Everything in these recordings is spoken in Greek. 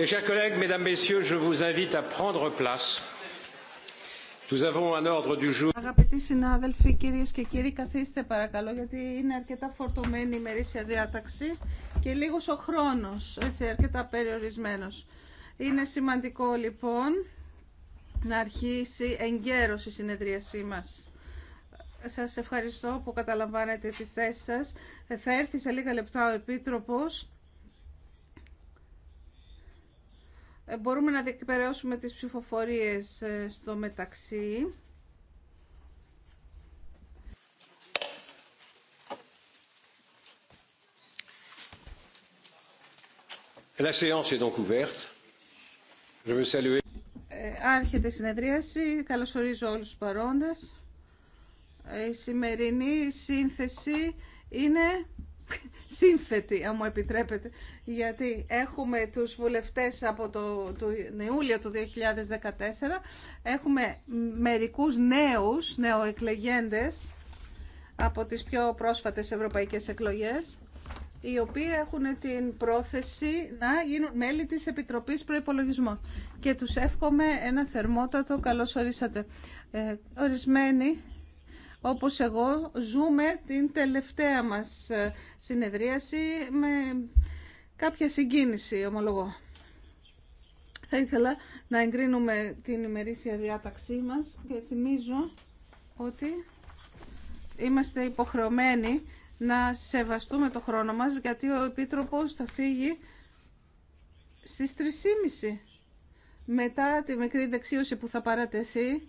Mes chers collègues, mesdames, messieurs, je vous invite à prendre place. Nous avons un ordre du jour. Αγαπητοί συνάδελφοι, κυρίε και κύριοι, καθίστε παρακαλώ, γιατί είναι αρκετά φορτωμένη η ημερήσια διάταξη και λίγο ο χρόνο, έτσι, αρκετά περιορισμένο. Είναι σημαντικό λοιπόν να αρχίσει εγκαίρω η συνεδρίασή μα. Σα ευχαριστώ που καταλαμβάνετε τι θέσει σα. Θα έρθει σε λίγα λεπτά ο επίτροπο. Ε, μπορούμε να διεκπαιρεώσουμε τις ψηφοφορίες ε, στο μεταξύ. Ε, άρχεται η συνεδρίαση. Καλωσορίζω όλους τους παρόντες. Η σημερινή σύνθεση είναι σύνθετη, αν μου επιτρέπετε, γιατί έχουμε τους βουλευτές από το, το Ιούλιο του 2014, έχουμε μερικούς νέους, νεοεκλεγέντες από τις πιο πρόσφατες ευρωπαϊκές εκλογές, οι οποίοι έχουν την πρόθεση να γίνουν μέλη της Επιτροπής Προϋπολογισμών. Και τους εύχομαι ένα θερμότατο καλώς ορίσατε. Ε, ορισμένοι όπως εγώ ζούμε την τελευταία μας ε, συνεδρίαση με κάποια συγκίνηση ομολογώ. Θα ήθελα να εγκρίνουμε την ημερήσια διάταξή μας και θυμίζω ότι είμαστε υποχρεωμένοι να σεβαστούμε το χρόνο μας γιατί ο Επίτροπος θα φύγει στις 3.30 μετά τη μικρή δεξίωση που θα παρατεθεί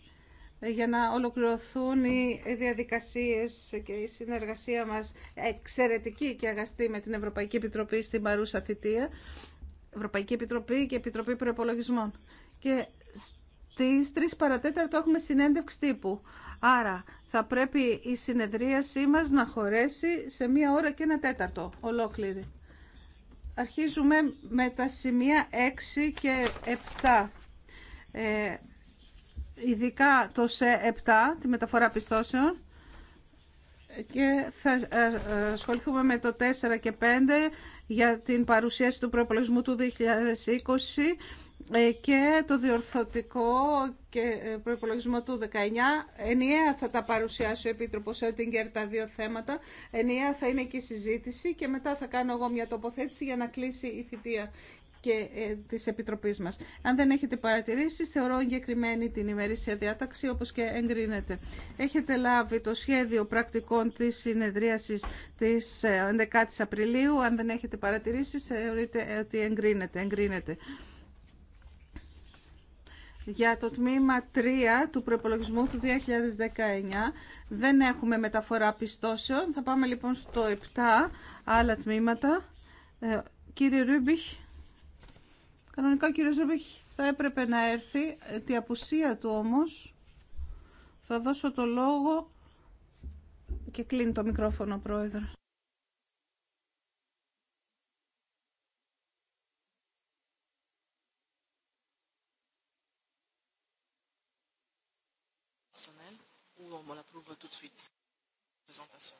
για να ολοκληρωθούν οι διαδικασίες και η συνεργασία μας εξαιρετική και αγαστή με την Ευρωπαϊκή Επιτροπή στην παρούσα θητεία, Ευρωπαϊκή Επιτροπή και Επιτροπή Προεπολογισμών. Και στις 3 παρατέταρτο έχουμε συνέντευξη τύπου. Άρα θα πρέπει η συνεδρίασή μας να χωρέσει σε μία ώρα και ένα τέταρτο ολόκληρη. Αρχίζουμε με τα σημεία 6 και 7. Ε, ειδικά το σε 7, τη μεταφορά πιστώσεων, και θα ε, ε, ασχοληθούμε με το 4 και 5 για την παρουσίαση του προπολογισμού του 2020 ε, και το διορθωτικό και προπολογισμό του 19. Ενιαία θα τα παρουσιάσει ο Επίτροπος Ότιγκερ τα δύο θέματα. Ενιαία θα είναι και η συζήτηση και μετά θα κάνω εγώ μια τοποθέτηση για να κλείσει η θητεία και ε, της Επιτροπής μας. Αν δεν έχετε παρατηρήσει, θεωρώ εγκεκριμένη την ημερήσια διάταξη όπως και εγκρίνεται. Έχετε λάβει το σχέδιο πρακτικών της συνεδρίασης της 11 ε, η Απριλίου. Αν δεν έχετε παρατηρήσει, θεωρείτε ότι εγκρίνεται. εγκρίνεται. Για το τμήμα 3 του προπολογισμού του 2019 δεν έχουμε μεταφορά πιστώσεων. Θα πάμε λοιπόν στο 7 άλλα τμήματα. Ε, κύριε Ρούμπιχ, Κανονικά ο κύριος Ρούμπιχ θα έπρεπε να έρθει. Ε, τη απουσία του όμως θα δώσω το λόγο και κλείνει το μικρόφωνο ο πρόεδρος. personnel ou on l'approuve tout de suite. Présentation.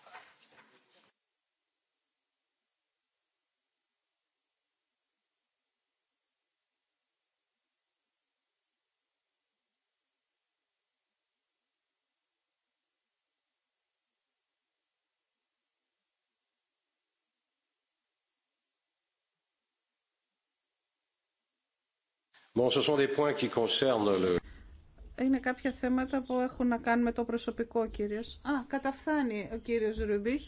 Είναι κάποια θέματα που έχουν να κάνουν με το προσωπικό κύριο. Α, καταφθάνει ο κύριο Ρουμπίχ.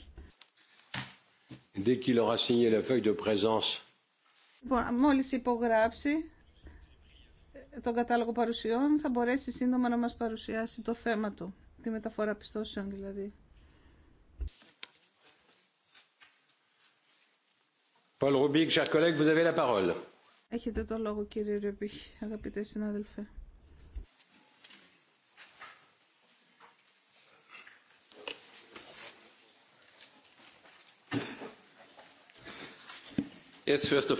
Λοιπόν, μόλις υπογράψει τον κατάλογο παρουσιών θα μπορέσει σύντομα να μας παρουσιάσει το θέμα του, τη μεταφορά πιστώσεων δηλαδή. Paul Rubik, chers collègues, vous avez Έχετε το λόγο κύριε Ρεμπίχ, αγαπητέ συνάδελφε. Yes, first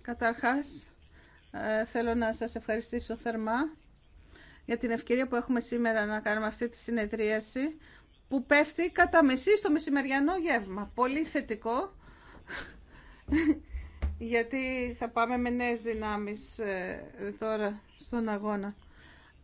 Καταρχάς, ε, θέλω να σας ευχαριστήσω θερμά για την ευκαιρία που έχουμε σήμερα να κάνουμε αυτή τη συνεδρίαση που πέφτει κατά μεσή στο μεσημεριανό γεύμα. Πολύ θετικό γιατί θα πάμε με νέες δυνάμεις ε, τώρα στον αγώνα.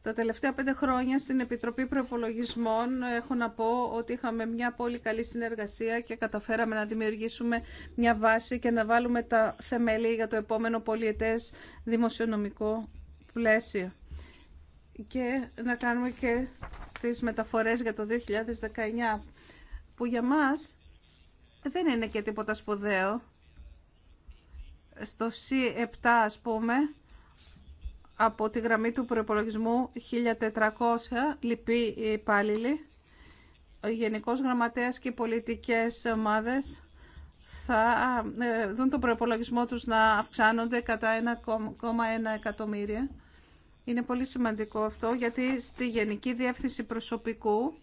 Τα τελευταία πέντε χρόνια στην Επιτροπή Προεπολογισμών έχω να πω ότι είχαμε μια πολύ καλή συνεργασία και καταφέραμε να δημιουργήσουμε μια βάση και να βάλουμε τα θεμέλια για το επόμενο πολιετές δημοσιονομικό πλαίσιο. Και να κάνουμε και τις μεταφορές για το 2019 που για μας δεν είναι και τίποτα σπουδαίο στο C7 ας πούμε από τη γραμμή του προπολογισμού 1400 λοιποί υπάλληλοι ο Γενικός Γραμματέας και οι πολιτικές ομάδες θα ε, δουν τον προπολογισμό τους να αυξάνονται κατά 1,1 εκατομμύρια. Είναι πολύ σημαντικό αυτό γιατί στη Γενική Διεύθυνση Προσωπικού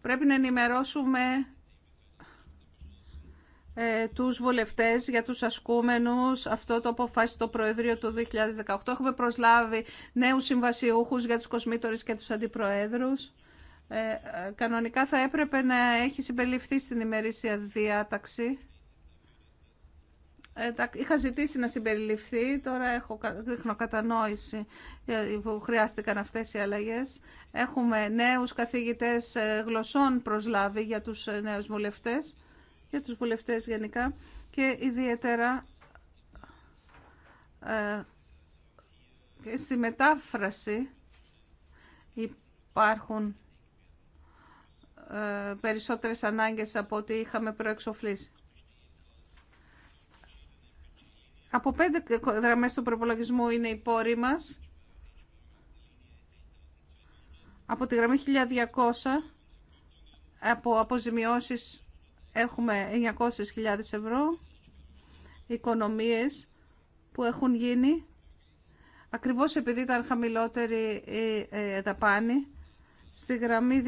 πρέπει να ενημερώσουμε ε, τους βουλευτές για τους ασκούμενους. Αυτό το αποφάσισε το Προεδρείο του 2018. Έχουμε προσλάβει νέους συμβασιούχους για τους κοσμήτορες και τους αντιπροέδρους. Ε, ε, κανονικά θα έπρεπε να έχει συμπεριληφθεί στην ημερήσια διάταξη. είχα ζητήσει να συμπεριληφθεί, τώρα έχω, δείχνω κατανόηση που χρειάστηκαν αυτές οι αλλαγές. Έχουμε νέους καθηγητές γλωσσών προσλάβει για τους νέους βουλευτές για τους βουλευτές γενικά και ιδιαίτερα ε, και στη μετάφραση υπάρχουν ε, περισσότερες ανάγκες από ό,τι είχαμε προεξοφλήσει. Από πέντε γραμμές του προπολογισμού είναι η πόροι μας. Από τη γραμμή 1200, από αποζημιώσεις Έχουμε 900.000 ευρώ οικονομίες που έχουν γίνει ακριβώς επειδή ήταν χαμηλότερη η ε, δαπάνη στη γραμμή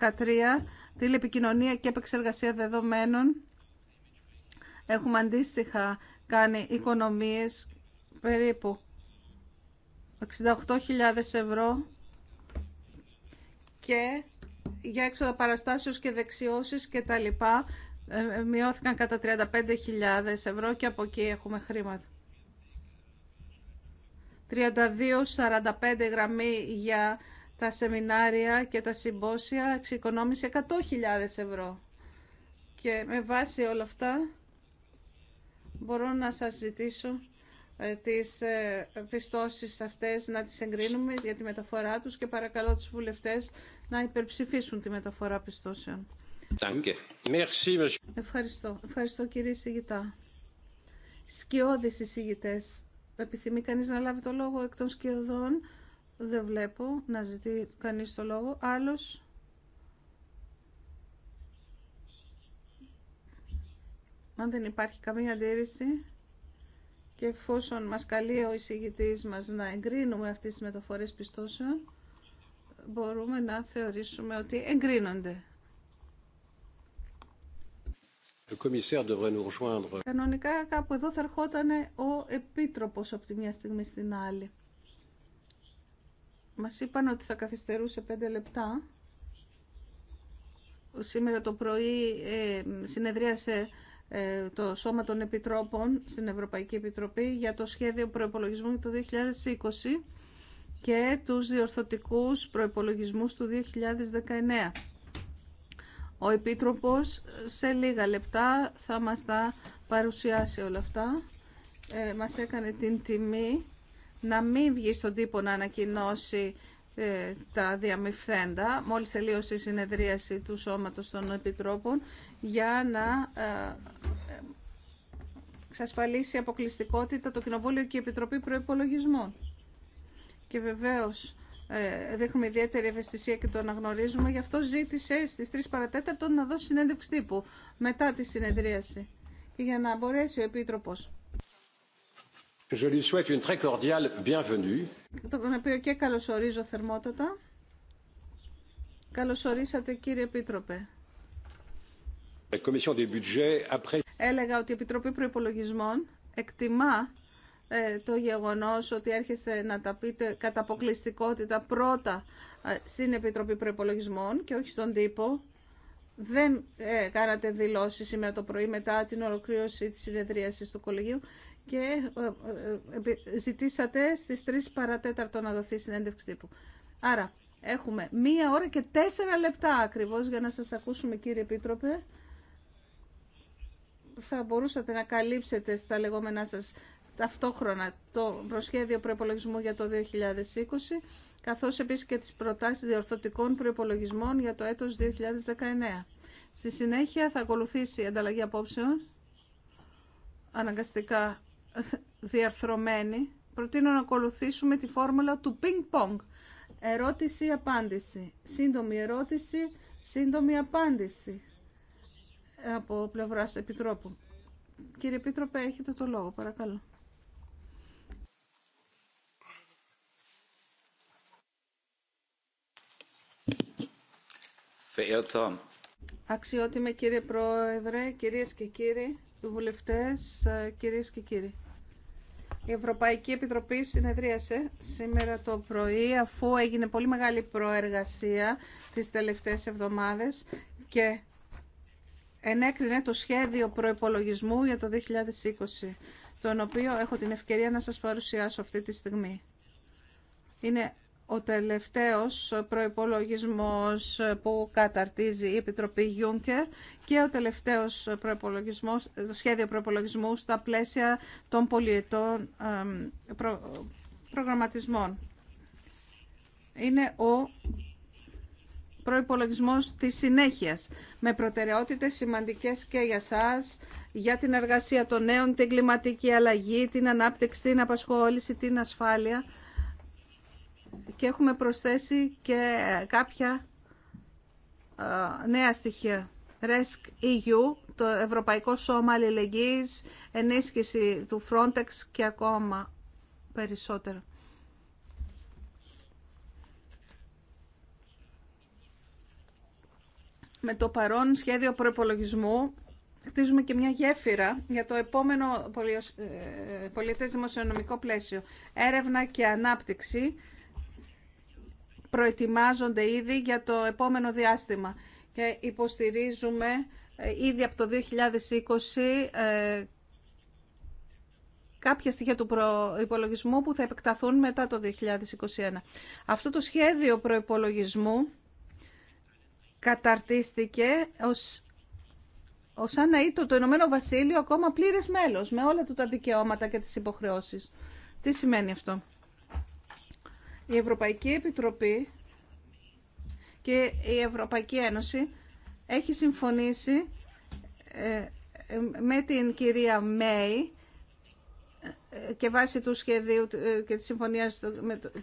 2013 τηλεπικοινωνία και επεξεργασία δεδομένων έχουμε αντίστοιχα κάνει οικονομίες περίπου 68.000 ευρώ και για έξοδα παραστάσεως και δεξιώσεις και τα λοιπά ε, ε, μειώθηκαν κατά 35.000 ευρώ και από εκεί έχουμε χρήματα. 32-45 γραμμή για τα σεμινάρια και τα συμπόσια εξοικονόμησε 100.000 ευρώ. Και με βάση όλα αυτά μπορώ να σας ζητήσω ε, τις πιστώσεις αυτές να τις εγκρίνουμε για τη μεταφορά τους και παρακαλώ τους βουλευτές να υπερψηφίσουν τη μεταφορά πιστώσεων. Ευχαριστώ. Ευχαριστώ κύριε Σιγητά. Σκιώδεις εισηγητές. Επιθυμεί κανείς να λάβει το λόγο εκ των σκιωδών. Δεν βλέπω να ζητεί κανείς το λόγο. Άλλος. Αν δεν υπάρχει καμία αντίρρηση και εφόσον μας καλεί ο εισηγητής μας να εγκρίνουμε αυτές τις μεταφορές πιστώσεων, μπορούμε να θεωρήσουμε ότι εγκρίνονται. Κανονικά κάπου εδώ θα ερχόταν ο Επίτροπος από τη μια στιγμή στην άλλη. Μας είπαν ότι θα καθυστερούσε πέντε λεπτά. Σήμερα το πρωί ε, συνεδρίασε ε, το Σώμα των Επιτρόπων στην Ευρωπαϊκή Επιτροπή για το σχέδιο προϋπολογισμού του 2020 και τους διορθωτικούς προϋπολογισμούς του 2019. Ο Επίτροπος σε λίγα λεπτά θα μας τα παρουσιάσει όλα αυτά. Ε, μας έκανε την τιμή να μην βγει στον τύπο να ανακοινώσει ε, τα διαμυφθέντα. μόλις τελείωσε η συνεδρίαση του Σώματος των Επιτρόπων, για να ε, εξασφαλίσει αποκλειστικότητα το Κοινοβούλιο και η Επιτροπή Προϋπολογισμών και βεβαίως ε, δείχνουμε ιδιαίτερη ευαισθησία και το αναγνωρίζουμε. Γι' αυτό ζήτησε στις 3 παρατέταρτο να δώσει συνέντευξη τύπου μετά τη συνεδρίαση και για να μπορέσει ο Επίτροπος. Το οποίο και καλωσορίζω θερμότατα. Καλωσορίσατε κύριε Επίτροπε. Έλεγα ότι η Επιτροπή Προϋπολογισμών εκτιμά ε, το γεγονός ότι έρχεστε να τα πείτε κατά αποκλειστικότητα πρώτα ε, στην Επιτροπή Προπολογισμών και όχι στον τύπο. Δεν ε, κάνατε δηλώσεις σήμερα το πρωί μετά την ολοκλήρωση της συνεδρίασης του κολεγίου και ε, ε ζητήσατε στις 3 παρατέταρτο να δοθεί συνέντευξη τύπου. Άρα έχουμε μία ώρα και τέσσερα λεπτά ακριβώς για να σας ακούσουμε κύριε Επίτροπε. Θα μπορούσατε να καλύψετε στα λεγόμενά σας ταυτόχρονα το προσχέδιο προϋπολογισμού για το 2020, καθώς επίσης και τις προτάσεις διορθωτικών προϋπολογισμών για το έτος 2019. Στη συνέχεια θα ακολουθήσει η ανταλλαγή απόψεων, αναγκαστικά διαρθρωμένη. Προτείνω να ακολουθήσουμε τη φόρμουλα του ping-pong. Ερώτηση-απάντηση. Σύντομη ερώτηση, σύντομη απάντηση από πλευράς Επιτρόπου. Κύριε Επίτροπε, έχετε το λόγο, παρακαλώ. Verehrter. Αξιότιμε κύριε Πρόεδρε, κυρίες και κύριοι βουλευτές, ε, κυρίες και κύριοι. Η Ευρωπαϊκή Επιτροπή συνεδρίασε σήμερα το πρωί αφού έγινε πολύ μεγάλη προεργασία τις τελευταίες εβδομάδες και ενέκρινε το σχέδιο προϋπολογισμού για το 2020, τον οποίο έχω την ευκαιρία να σας παρουσιάσω αυτή τη στιγμή. Είναι ο τελευταίος προϋπολογισμός που καταρτίζει η Επιτροπή Juncker και ο τελευταίος προϋπολογισμός, το σχέδιο προϋπολογισμού στα πλαίσια των πολιετών προγραμματισμών. Είναι ο προϋπολογισμός της συνέχειας, με προτεραιότητες σημαντικές και για σας, για την εργασία των νέων, την κλιματική αλλαγή, την ανάπτυξη, την απασχόληση, την ασφάλεια και έχουμε προσθέσει και κάποια ε, νέα στοιχεία. RESC EU, το Ευρωπαϊκό Σώμα Αλληλεγγύης, ενίσχυση του Frontex και ακόμα περισσότερα. Με το παρόν σχέδιο προπολογισμού χτίζουμε και μια γέφυρα για το επόμενο ε, πολιτές δημοσιονομικό πλαίσιο. Έρευνα και ανάπτυξη προετοιμάζονται ήδη για το επόμενο διάστημα και υποστηρίζουμε ε, ήδη από το 2020 ε, κάποια στοιχεία του προϋπολογισμού που θα επεκταθούν μετά το 2021. Αυτό το σχέδιο προϋπολογισμού καταρτίστηκε ως ως αναήτο το Ηνωμένο Βασίλειο ακόμα πλήρες μέλος με όλα του τα δικαιώματα και τις υποχρεώσεις. Τι σημαίνει αυτό. Η Ευρωπαϊκή Επιτροπή και η Ευρωπαϊκή Ένωση έχει συμφωνήσει ε, ε, με την κυρία Μέη ε, και βάσει του σχεδίου και της συμφωνίας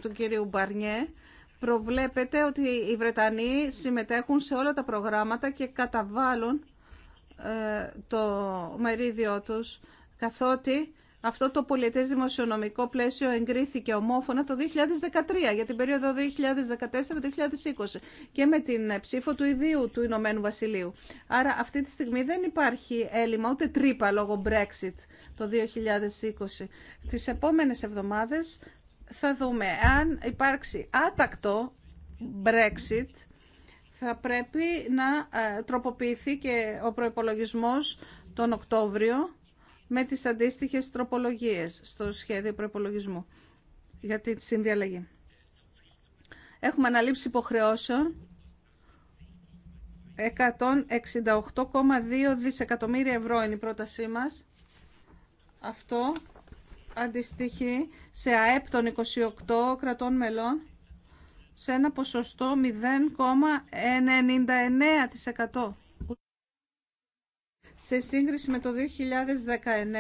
του κυρίου Μπαρνιέ προβλέπεται ότι οι Βρετανοί συμμετέχουν σε όλα τα προγράμματα και καταβάλουν το μερίδιο τους καθότι αυτό το πολιτές δημοσιονομικό πλαίσιο εγκρίθηκε ομόφωνα το 2013 για την περίοδο 2014-2020 και με την ε, ψήφο του ιδίου του Ηνωμένου Βασιλείου. Άρα αυτή τη στιγμή δεν υπάρχει έλλειμμα ούτε τρύπα λόγω Brexit το 2020. Τις επόμενες εβδομάδες θα δούμε αν υπάρξει άτακτο Brexit θα πρέπει να ε, τροποποιηθεί και ο προϋπολογισμός τον Οκτώβριο με τις αντίστοιχες τροπολογίες στο σχέδιο προπολογισμού για τη συνδιαλλαγή. Έχουμε αναλήψει υποχρεώσεων 168,2 δισεκατομμύρια ευρώ είναι η πρότασή μας. Αυτό αντιστοιχεί σε ΑΕΠ των 28 κρατών μελών σε ένα ποσοστό 0,99% σε σύγκριση με το 2019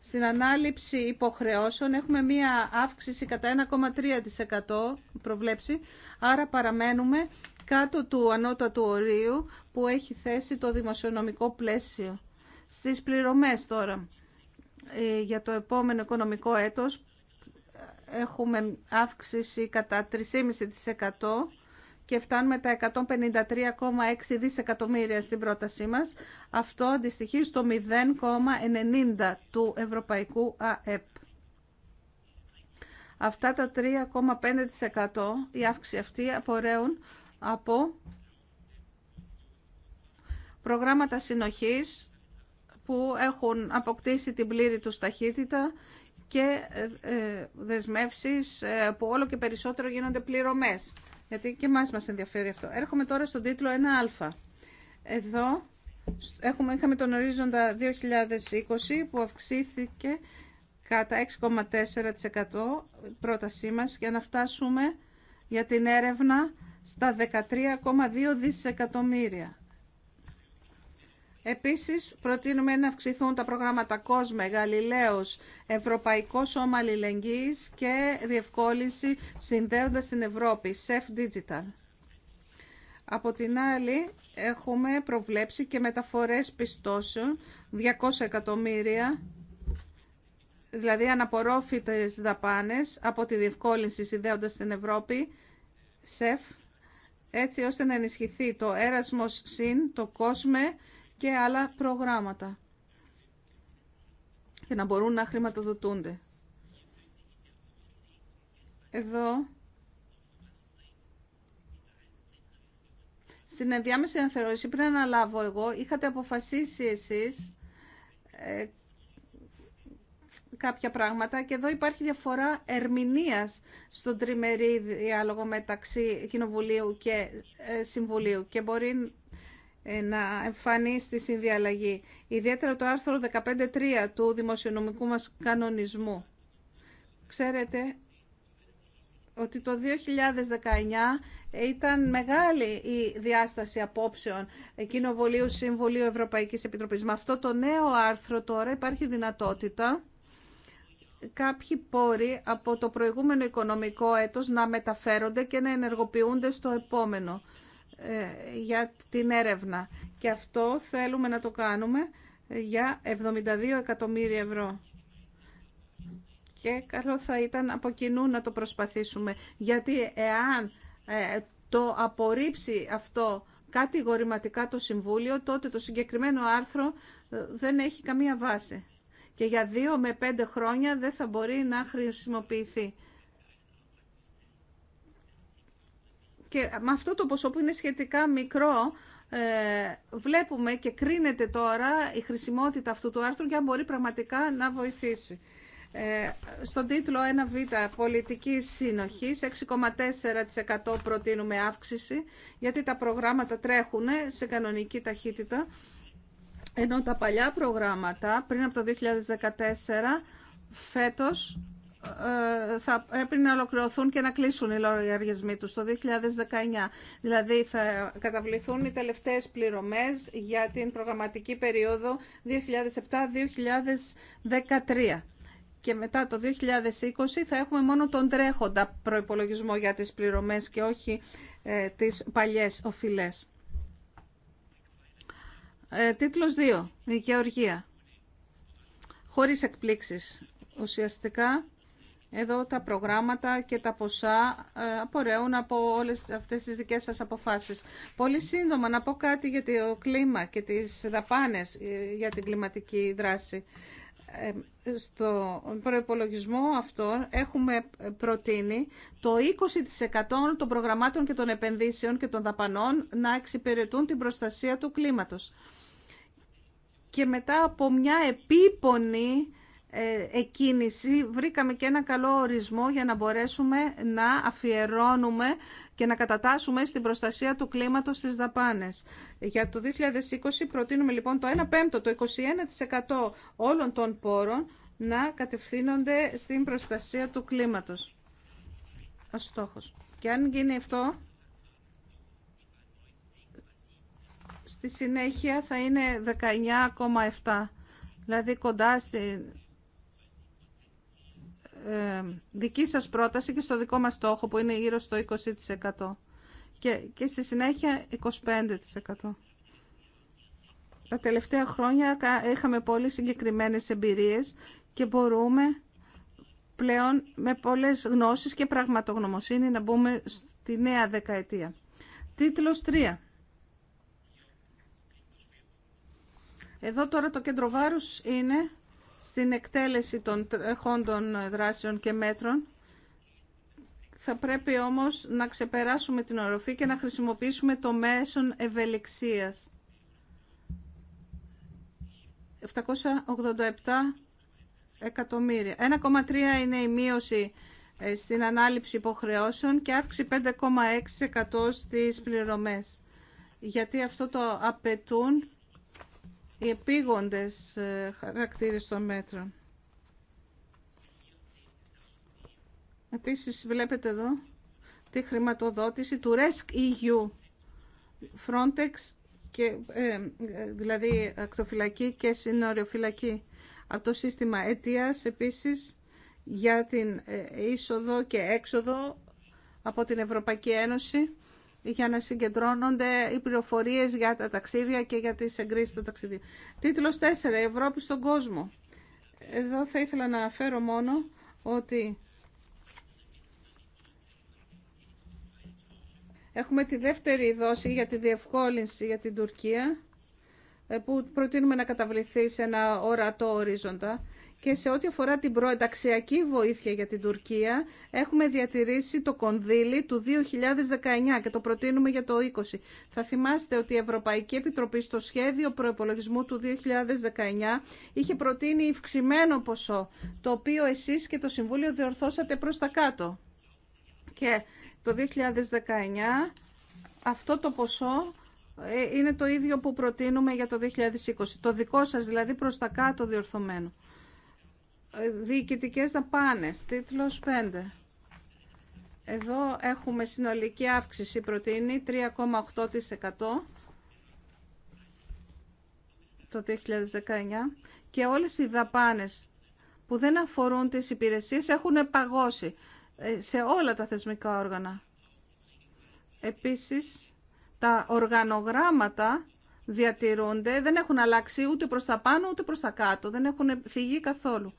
στην ανάληψη υποχρεώσεων έχουμε μία αύξηση κατά 1,3% προβλέψη, άρα παραμένουμε κάτω του ανώτατου ορίου που έχει θέσει το δημοσιονομικό πλαίσιο. Στις πληρωμές τώρα, ε, για το επόμενο οικονομικό έτος έχουμε αύξηση κατά 3,5% και φτάνουμε τα 153,6 δισεκατομμύρια στην πρότασή μας. Αυτό αντιστοιχεί στο 0,90 του Ευρωπαϊκού ΑΕΠ. Αυτά τα 3,5% η αύξηση αυτή απορρέουν από προγράμματα συνοχής που έχουν αποκτήσει την πλήρη του ταχύτητα και ε, ε, δεσμεύσεις ε, που όλο και περισσότερο γίνονται πληρωμές γιατί και εμάς μας ενδιαφέρει αυτό. Έρχομαι τώρα στον τίτλο 1α. Εδώ έχουμε, είχαμε τον ορίζοντα 2020 που αυξήθηκε κατά 6,4% πρότασή μας για να φτάσουμε για την έρευνα στα 13,2 δισεκατομμύρια. Επίσης, προτείνουμε να αυξηθούν τα προγράμματα COSME, Γαλιλαίος, Ευρωπαϊκό Σώμα Αλληλεγγύης και Διευκόλυνση Συνδέοντας την Ευρώπη, SEF Digital. Από την άλλη, έχουμε προβλέψει και μεταφορές πιστώσεων, 200 εκατομμύρια, δηλαδή αναπορόφητες δαπάνες από τη Διευκόλυνση Συνδέοντας την Ευρώπη, SEF, έτσι ώστε να ενισχυθεί το Erasmus συν, το COSME, και άλλα προγράμματα και να μπορούν να χρηματοδοτούνται. Εδώ, στην ενδιάμεση ενθέρωση, πριν αναλάβω εγώ, είχατε αποφασίσει εσείς ε, κάποια πράγματα και εδώ υπάρχει διαφορά ερμηνείας στον τριμερή διάλογο μεταξύ Κοινοβουλίου και ε, Συμβουλίου και μπορεί ε, να εμφανίσει στη συνδιαλλαγή. Ιδιαίτερα το άρθρο 15.3 του δημοσιονομικού μας κανονισμού. Ξέρετε ότι το 2019 ήταν μεγάλη η διάσταση απόψεων Κοινοβολίου Συμβουλίου Ευρωπαϊκής Επιτροπής. Με αυτό το νέο άρθρο τώρα υπάρχει δυνατότητα κάποιοι πόροι από το προηγούμενο οικονομικό έτος να μεταφέρονται και να ενεργοποιούνται στο επόμενο. Ε, για την έρευνα. Και αυτό θέλουμε να το κάνουμε ε, για 72 εκατομμύρια ευρώ. Και καλό θα ήταν από κοινού να το προσπαθήσουμε. Γιατί εάν ε, το απορρίψει αυτό κατηγορηματικά το Συμβούλιο, τότε το συγκεκριμένο άρθρο δεν έχει καμία βάση. Και για δύο με πέντε χρόνια δεν θα μπορεί να χρησιμοποιηθεί. Και με αυτό το ποσό που είναι σχετικά μικρό, ε, βλέπουμε και κρίνεται τώρα η χρησιμότητα αυτού του άρθρου για να μπορεί πραγματικά να βοηθήσει. Ε, στον τίτλο 1β πολιτικής σύνοχή 6,4% προτείνουμε αύξηση γιατί τα προγράμματα τρέχουν σε κανονική ταχύτητα ενώ τα παλιά προγράμματα πριν από το 2014 φέτος ε, θα πρέπει να ολοκληρωθούν και να κλείσουν οι λογαριασμοί τους το 2019. Δηλαδή θα καταβληθούν οι τελευταίες πληρωμές για την προγραμματική περίοδο 2007-2013. Και μετά το 2020 θα έχουμε μόνο τον τρέχοντα προϋπολογισμό για τις πληρωμές και όχι ε, τις παλιές οφειλές. Ε, τίτλος 2. Η Γεωργία. Χωρίς εκπλήξεις. Ουσιαστικά εδώ τα προγράμματα και τα ποσά ε, απορρέουν από όλες αυτές τις δικές σας αποφάσεις. Πολύ σύντομα να πω κάτι για το κλίμα και τις δαπάνες ε, για την κλιματική δράση. Ε, στο προπολογισμό αυτό έχουμε προτείνει το 20% των προγραμμάτων και των επενδύσεων και των δαπανών να εξυπηρετούν την προστασία του κλίματος. Και μετά από μια επίπονη ε, εκκίνηση βρήκαμε και ένα καλό ορισμό για να μπορέσουμε να αφιερώνουμε και να κατατάσσουμε στην προστασία του κλίματος στις δαπάνες. Για το 2020 προτείνουμε λοιπόν το 1 πέμπτο, το 21% όλων των πόρων να κατευθύνονται στην προστασία του κλίματος. Ο στόχος. Και αν γίνει αυτό, στη συνέχεια θα είναι 19,7%. Δηλαδή κοντά στην ε, δική σας πρόταση και στο δικό μας στόχο που είναι γύρω στο 20% και, και στη συνέχεια 25%. Τα τελευταία χρόνια είχαμε πολύ συγκεκριμένες εμπειρίες και μπορούμε πλέον με πολλές γνώσεις και πραγματογνωμοσύνη να μπούμε στη νέα δεκαετία. Τίτλος 3. Εδώ τώρα το κέντρο βάρους είναι στην εκτέλεση των τρεχόντων δράσεων και μέτρων. Θα πρέπει όμως να ξεπεράσουμε την οροφή και να χρησιμοποιήσουμε το μέσον ευελιξίας. 787 εκατομμύρια. 1,3 είναι η μείωση ε, στην ανάληψη υποχρεώσεων και αύξηση 5,6% στις πληρωμές. Γιατί αυτό το απαιτούν οι επίγοντες ε, χαρακτήρες των μέτρων. Επίσης βλέπετε εδώ τη χρηματοδότηση του RESC EU, Frontex, και, ε, ε, δηλαδή ακτοφυλακή και συνοριοφυλακή. Από το σύστημα αιτίας επίσης για την ε, είσοδο και έξοδο από την Ευρωπαϊκή Ένωση για να συγκεντρώνονται οι πληροφορίε για τα ταξίδια και για τις εγκρίσεις των ταξιδιών. Τίτλος 4. Ευρώπη στον κόσμο. Εδώ θα ήθελα να αναφέρω μόνο ότι έχουμε τη δεύτερη δόση για τη διευκόλυνση για την Τουρκία ε, που προτείνουμε να καταβληθεί σε ένα ορατό ορίζοντα και σε ό,τι αφορά την προεταξιακή βοήθεια για την Τουρκία έχουμε διατηρήσει το κονδύλι του 2019 και το προτείνουμε για το 20. Θα θυμάστε ότι η Ευρωπαϊκή Επιτροπή στο σχέδιο προπολογισμού του 2019 είχε προτείνει υψημένο ποσό, το οποίο εσείς και το Συμβούλιο διορθώσατε προς τα κάτω. Και το 2019 αυτό το ποσό ε, είναι το ίδιο που προτείνουμε για το 2020, το δικό σας δηλαδή προς τα κάτω διορθωμένο διοικητικές δαπάνες, τίτλος 5. Εδώ έχουμε συνολική αύξηση προτείνει 3,8% το 2019 και όλες οι δαπάνες που δεν αφορούν τις υπηρεσίες έχουν παγώσει ε, σε όλα τα θεσμικά όργανα. Επίσης, τα οργανογράμματα διατηρούνται, δεν έχουν αλλάξει ούτε προς τα πάνω ούτε προς τα κάτω, δεν έχουν φυγεί καθόλου.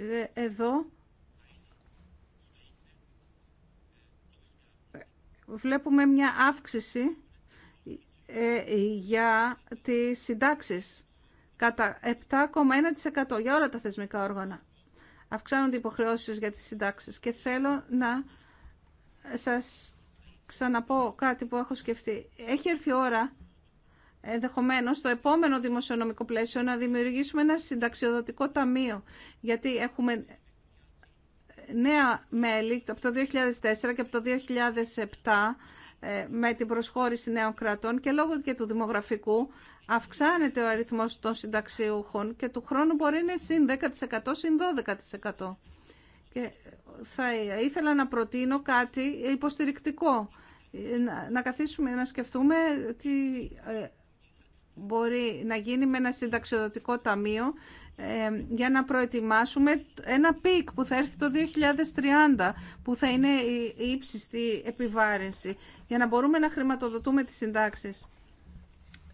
Ε, εδώ βλέπουμε μια αύξηση ε, για τις συντάξεις κατά 7,1% για όλα τα θεσμικά όργανα. Αυξάνονται οι υποχρεώσεις για τις συντάξεις και θέλω να σας ξαναπώ κάτι που έχω σκεφτεί. Έχει έρθει η ώρα ενδεχομένως στο επόμενο δημοσιονομικό πλαίσιο να δημιουργήσουμε ένα συνταξιοδοτικό ταμείο. Γιατί έχουμε νέα μέλη από το 2004 και από το 2007 ε, με την προσχώρηση νέων κρατών και λόγω και του δημογραφικού αυξάνεται ο αριθμός των συνταξιούχων και του χρόνου μπορεί να είναι συν 10% συν 12%. Και θα ήθελα να προτείνω κάτι υποστηρικτικό. Ε, να, καθίσουμε να σκεφτούμε τι ε, μπορεί να γίνει με ένα συνταξιοδοτικό ταμείο ε, για να προετοιμάσουμε ένα πικ που θα έρθει το 2030 που θα είναι η ύψιστη επιβάρυνση για να μπορούμε να χρηματοδοτούμε τις συντάξεις.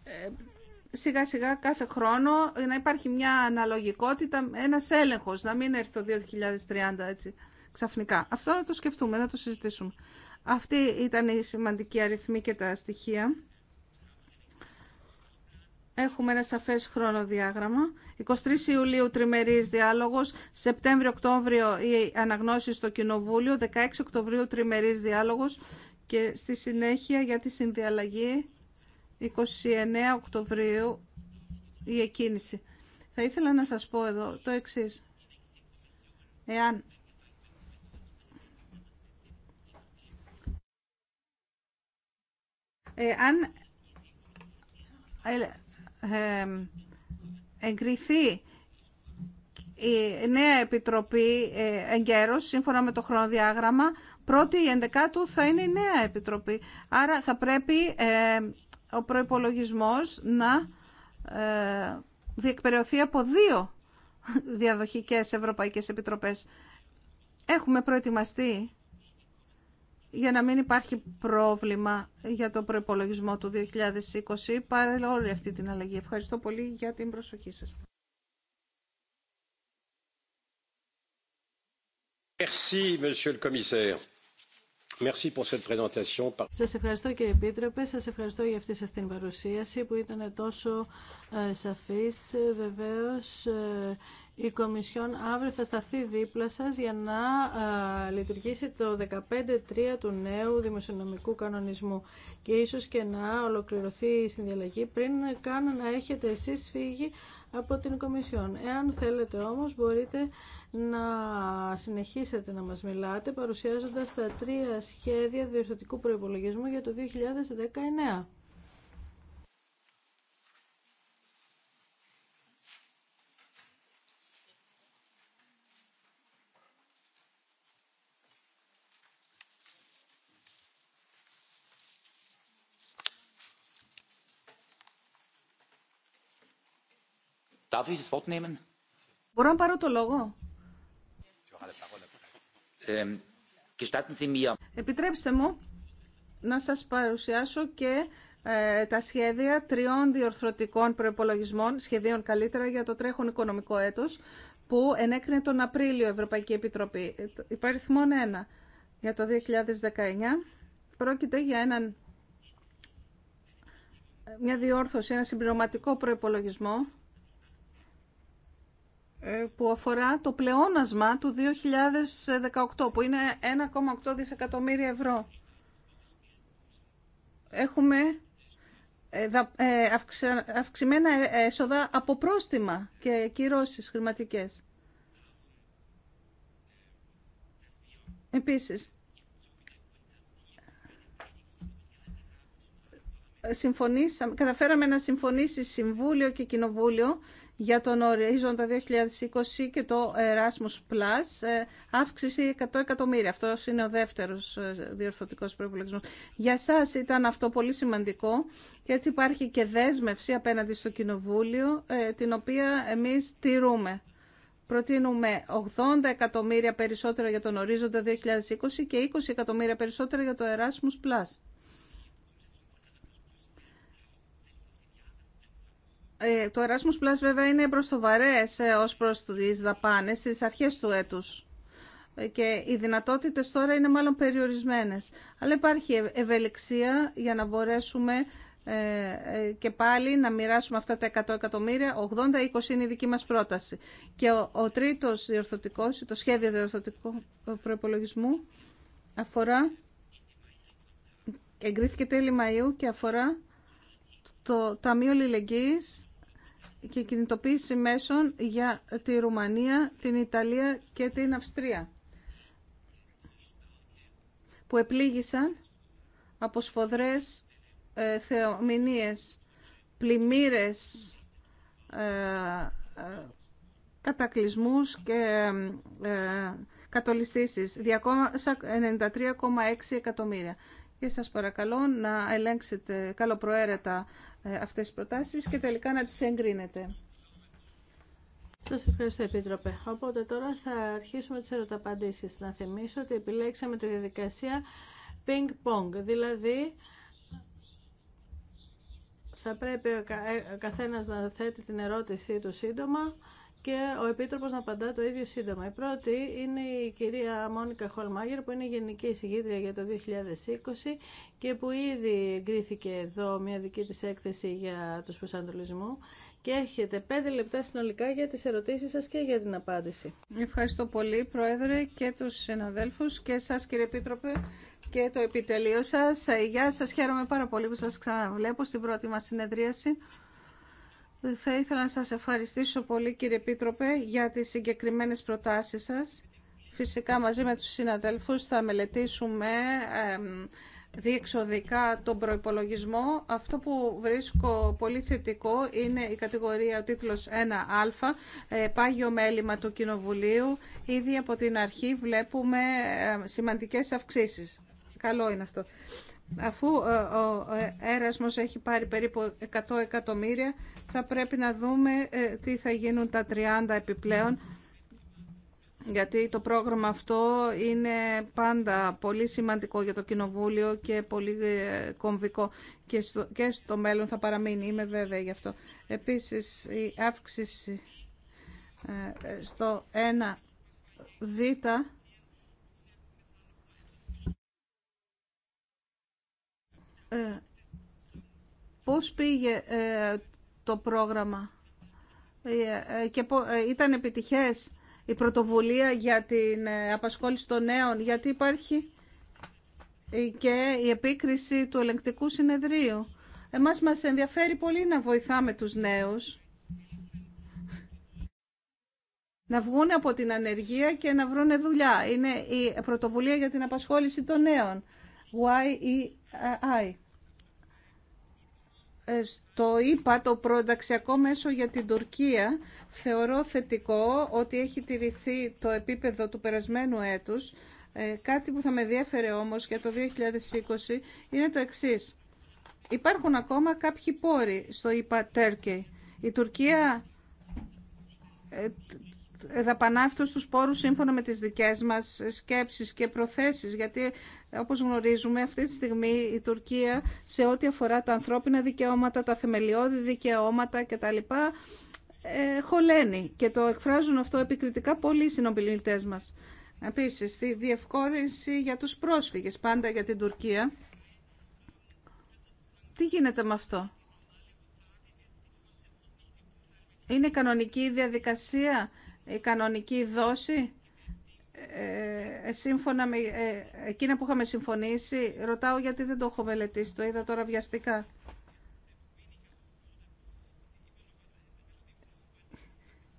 Ε, σιγά σιγά κάθε χρόνο να υπάρχει μια αναλογικότητα, ένας έλεγχος, να μην έρθει το 2030 έτσι ξαφνικά. Αυτό να το σκεφτούμε, να το συζητήσουμε. Αυτή ήταν η σημαντική αριθμή και τα στοιχεία. Έχουμε ένα σαφές χρονοδιάγραμμα. 23 Ιουλίου τριμερής διάλογος, Σεπτέμβριο-Οκτώβριο η αναγνώση στο Κοινοβούλιο, 16 Οκτωβρίου τριμερής διάλογος και στη συνέχεια για τη συνδιαλλαγή 29 Οκτωβρίου η εκκίνηση. Θα ήθελα να σας πω εδώ το εξής. Εάν ε, αν ε, εγκριθεί η νέα επιτροπή ε, εγκαίρως, σύμφωνα με το χρονοδιάγραμμα, πρώτη η 11 θα είναι η νέα επιτροπή. Άρα θα πρέπει ο προϋπολογισμός να ε, διεκπαιρεωθεί από δύο διαδοχικές Ευρωπαϊκές Επιτροπές. Έχουμε προετοιμαστεί για να μην υπάρχει πρόβλημα για το προπολογισμό του 2020 παρά όλη αυτή την αλλαγή. Ευχαριστώ πολύ για την προσοχή σας. Merci, Σας ευχαριστώ κύριε Επίτροπε, σας ευχαριστώ για αυτή σας την παρουσίαση που ήταν τόσο ε, σαφής. Ε, βεβαίως ε, η Κομισιόν αύριο θα σταθεί δίπλα σας για να λειτουργήσει το 15.3 του νέου δημοσιονομικού κανονισμού και ίσως και να ολοκληρωθεί η συνδιαλλαγή πριν καν να έχετε εσείς φύγει από την Κομισιόν. Εάν θέλετε όμως μπορείτε να συνεχίσετε να μας μιλάτε παρουσιάζοντας τα τρία σχέδια διορθωτικού προϋπολογισμού για το 2019. Darf ich das Wort nehmen? Μπορώ να πάρω το λόγο. Επιτρέψτε μου να σας παρουσιάσω και ε, τα σχέδια τριών διορθωτικών προπολογισμών, σχεδίων καλύτερα για το τρέχον οικονομικό έτος, που ενέκρινε τον Απρίλιο Ευρωπαϊκή Επιτροπή. μόνο 1 για το 2019 πρόκειται για έναν, ε, μια διόρθωση, ένα συμπληρωματικό προπολογισμό ε, που αφορά το πλεόνασμα του 2018, που είναι 1,8 δισεκατομμύρια ευρώ. Έχουμε ε, ε, αυξημένα έσοδα από πρόστιμα και κυρώσεις χρηματικές. Επίσης, συμφωνήσαμε, καταφέραμε να συμφωνήσει Συμβούλιο και Κοινοβούλιο για τον ορίζοντα 2020 και το Erasmus Plus ε, αύξηση 100 εκατομμύρια. Αυτό είναι ο δεύτερος ε, διορθωτικός προϋπολογισμός. Για σας ήταν αυτό πολύ σημαντικό και έτσι υπάρχει και δέσμευση απέναντι στο Κοινοβούλιο ε, την οποία εμείς τηρούμε. Προτείνουμε 80 εκατομμύρια περισσότερα για τον ορίζοντα 2020 και 20 εκατομμύρια περισσότερα για το Erasmus Plus. Ε, το Erasmus Plus βέβαια είναι μπροστοβαρές ε, ως προς τις δαπάνες στις αρχές του έτους ε, και οι δυνατότητες τώρα είναι μάλλον περιορισμένες. Αλλά υπάρχει ευελιξία για να μπορέσουμε και πάλι να μοιράσουμε αυτά τα 100 εκατομμύρια. 80-20 είναι η δική μας πρόταση. Και ο, ο τρίτος διορθωτικός, το σχέδιο διορθωτικού προϋπολογισμού αφορά, εγκρίθηκε τέλη Μαΐου και αφορά το Ταμείο Λιλεγγύης και κινητοποίηση μέσων για τη Ρουμανία, την Ιταλία και την Αυστρία που επλήγησαν από σφοδρές ε, θεομηνίες, πλημμύρες, ε, ε, και ε, ε κατολιστήσεις. 293,6 εκατομμύρια και σας παρακαλώ να ελέγξετε καλοπροαίρετα ε, αυτές τις προτάσεις και τελικά να τις εγκρίνετε. Σας ευχαριστώ Επίτροπε. Οπότε τώρα θα αρχίσουμε τις ερωταπαντήσεις. Να θυμίσω ότι επιλέξαμε τη διαδικασία ping-pong, δηλαδή θα πρέπει ο ε, καθένας να θέτει την ερώτησή του σύντομα και ο Επίτροπος να απαντά το ίδιο σύντομα. Η πρώτη είναι η κυρία Μόνικα Χολμάγερ που είναι Γενική Εισηγήτρια για το 2020 και που ήδη εγκρίθηκε εδώ μια δική της έκθεση για τους προσανατολισμού και έχετε πέντε λεπτά συνολικά για τις ερωτήσεις σας και για την απάντηση. Ευχαριστώ πολύ Πρόεδρε και τους συναδέλφους και σας κύριε Επίτροπε και το επιτελείο σας. Ε, γεια σας, χαίρομαι πάρα πολύ που σας ξαναβλέπω στην πρώτη μας συνεδρίαση. Θα ήθελα να σας ευχαριστήσω πολύ κύριε Πίτροπε για τις συγκεκριμένες προτάσεις σας. Φυσικά μαζί με τους συναδέλφους θα μελετήσουμε διεξοδικά τον προϋπολογισμό. Αυτό που βρίσκω πολύ θετικό είναι η κατηγορία, ο τίτλος 1α, ε, πάγιο μέλημα του Κοινοβουλίου. Ήδη από την αρχή βλέπουμε σημαντικές αυξήσεις. Καλό είναι αυτό. Αφού ε, ο ε, έρασμος έχει πάρει περίπου 100 εκατομμύρια, θα πρέπει να δούμε ε, τι θα γίνουν τα 30 επιπλέον, γιατί το πρόγραμμα αυτό είναι πάντα πολύ σημαντικό για το Κοινοβούλιο και πολύ κομβικό και στο, και στο μέλλον θα παραμείνει, είμαι βέβαια γι' αυτό. Επίσης, η αύξηση στο 1 β Ε, πώς πήγε ε, το πρόγραμμα ε, και ήταν επιτυχές η πρωτοβουλία για την απασχόληση των νέων, γιατί υπάρχει και η επίκριση του ελεγκτικού συνεδρίου. Εμάς μας ενδιαφέρει πολύ να βοηθάμε τους νέους να βγουν από την ανεργία και να βρουν δουλειά. Είναι η πρωτοβουλία για την απασχόληση των νέων. E ε, ε, στο ΙΠΑ, το προενταξιακό μέσο για την Τουρκία, θεωρώ θετικό ότι έχει τηρηθεί το επίπεδο του περασμένου έτους. Ε, κάτι που θα με διέφερε όμως για το 2020 είναι το εξής. Υπάρχουν ακόμα κάποιοι πόροι στο ΙΠΑ Τέρκεϊ. Η Τουρκία θα αυτούς τους πόρους σύμφωνα με τις δικές μας σκέψεις και προθέσεις γιατί όπως γνωρίζουμε αυτή τη στιγμή η Τουρκία σε ό,τι αφορά τα ανθρώπινα δικαιώματα, τα θεμελιώδη δικαιώματα κτλ ε, χωλαίνει και το εκφράζουν αυτό επικριτικά πολλοί συνομιλητές μας. Επίσης, τη διευκόλυνση για τους πρόσφυγες, πάντα για την Τουρκία. Τι γίνεται με αυτό. Είναι κανονική διαδικασία η κανονική δόση ε, ε, σύμφωνα με ε, εκείνα που είχαμε συμφωνήσει. Ρωτάω γιατί δεν το έχω μελετήσει, το είδα τώρα βιαστικά.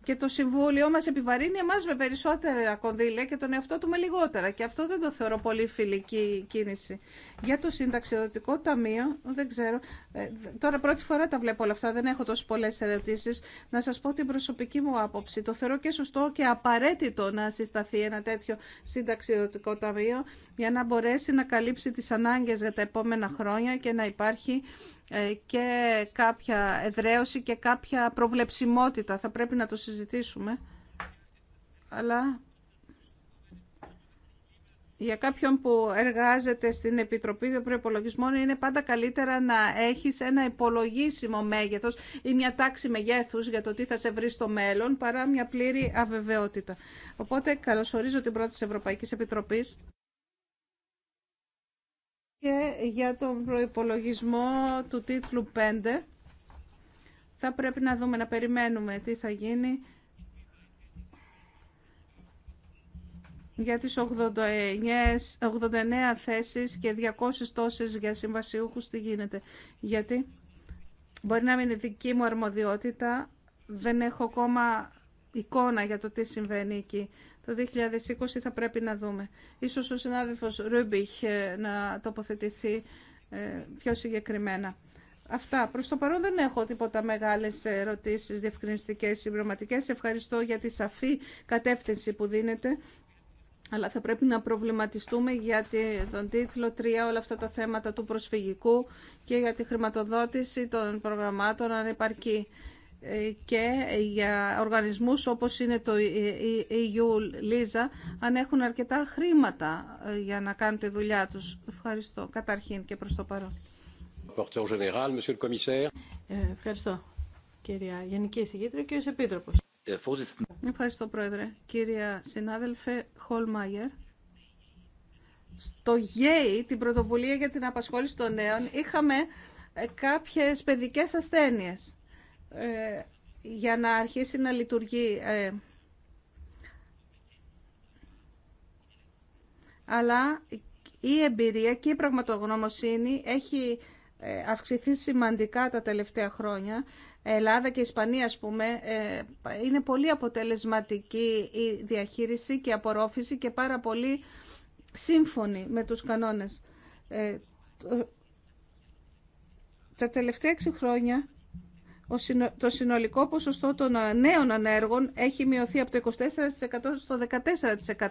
και το Συμβούλιο μα επιβαρύνει εμά με περισσότερα κονδύλια και τον εαυτό του με λιγότερα. Και αυτό δεν το θεωρώ πολύ φιλική κίνηση. Για το Συνταξιδοτικό ταμείο, δεν ξέρω. Ε, τώρα πρώτη φορά τα βλέπω όλα αυτά, δεν έχω τόσο πολλέ ερωτήσει Να σα πω την προσωπική μου άποψη. Το θεωρώ και σωστό και απαραίτητο να συσταθεί ένα τέτοιο Συνταξιδοτικό ταμείο για να μπορέσει να καλύψει τι ανάγκε για τα επόμενα χρόνια και να υπάρχει ε, και κάποια εδραίωση και κάποια προβλεψιμότητα. Θα πρέπει να το συζητήσουμε. Αλλά για κάποιον που εργάζεται στην Επιτροπή Προπολογισμών είναι πάντα καλύτερα να έχεις ένα υπολογίσιμο μέγεθος ή μια τάξη μεγέθους για το τι θα σε βρει στο μέλλον παρά μια πλήρη αβεβαιότητα. Οπότε καλωσορίζω την πρώτη της Ευρωπαϊκής Επιτροπής και για τον προϋπολογισμό του τίτλου 5 θα πρέπει να δούμε, να περιμένουμε τι θα γίνει για τις 89, 89 θέσεις και 200 τόσες για συμβασιούχους τι γίνεται. Γιατί μπορεί να μην είναι δική μου αρμοδιότητα, δεν έχω ακόμα εικόνα για το τι συμβαίνει εκεί το 2020 θα πρέπει να δούμε. Ίσως ο συνάδελφος Ρούμπιχ ε, να τοποθετηθεί ε, πιο συγκεκριμένα. Αυτά. Προς το παρόν δεν έχω τίποτα μεγάλες ερωτήσεις, διευκρινιστικές, συμπληρωματικέ. Ευχαριστώ για τη σαφή κατεύθυνση που δίνεται. Αλλά θα πρέπει να προβληματιστούμε για τον τίτλο 3, όλα αυτά τα θέματα του προσφυγικού και για τη χρηματοδότηση των προγραμμάτων αν και για οργανισμούς όπως είναι το EU Λίζα αν έχουν αρκετά χρήματα για να κάνουν τη δουλειά τους. Ευχαριστώ καταρχήν και προς το παρόν. Ευχαριστώ κυρία Γενική Συγήτρια και ο Επίτροπος. Ευχαριστώ Πρόεδρε. Κυρία συνάδελφε Χολμάγερ στο ΓΕΙ, την πρωτοβουλία για την απασχόληση των νέων, είχαμε κάποιες παιδικές ασθένειες για να αρχίσει να λειτουργεί. Ε, αλλά η εμπειρία και η πραγματογνωμοσύνη έχει ε, αυξηθεί σημαντικά τα τελευταία χρόνια. Ελλάδα και Ισπανία, ας πούμε, ε, είναι πολύ αποτελεσματική η διαχείριση και η απορρόφηση και πάρα πολύ σύμφωνη με τους κανόνες. Τα τελευταία έξι χρόνια το συνολικό ποσοστό των ε, νέων ανέργων έχει μειωθεί από το 24% στο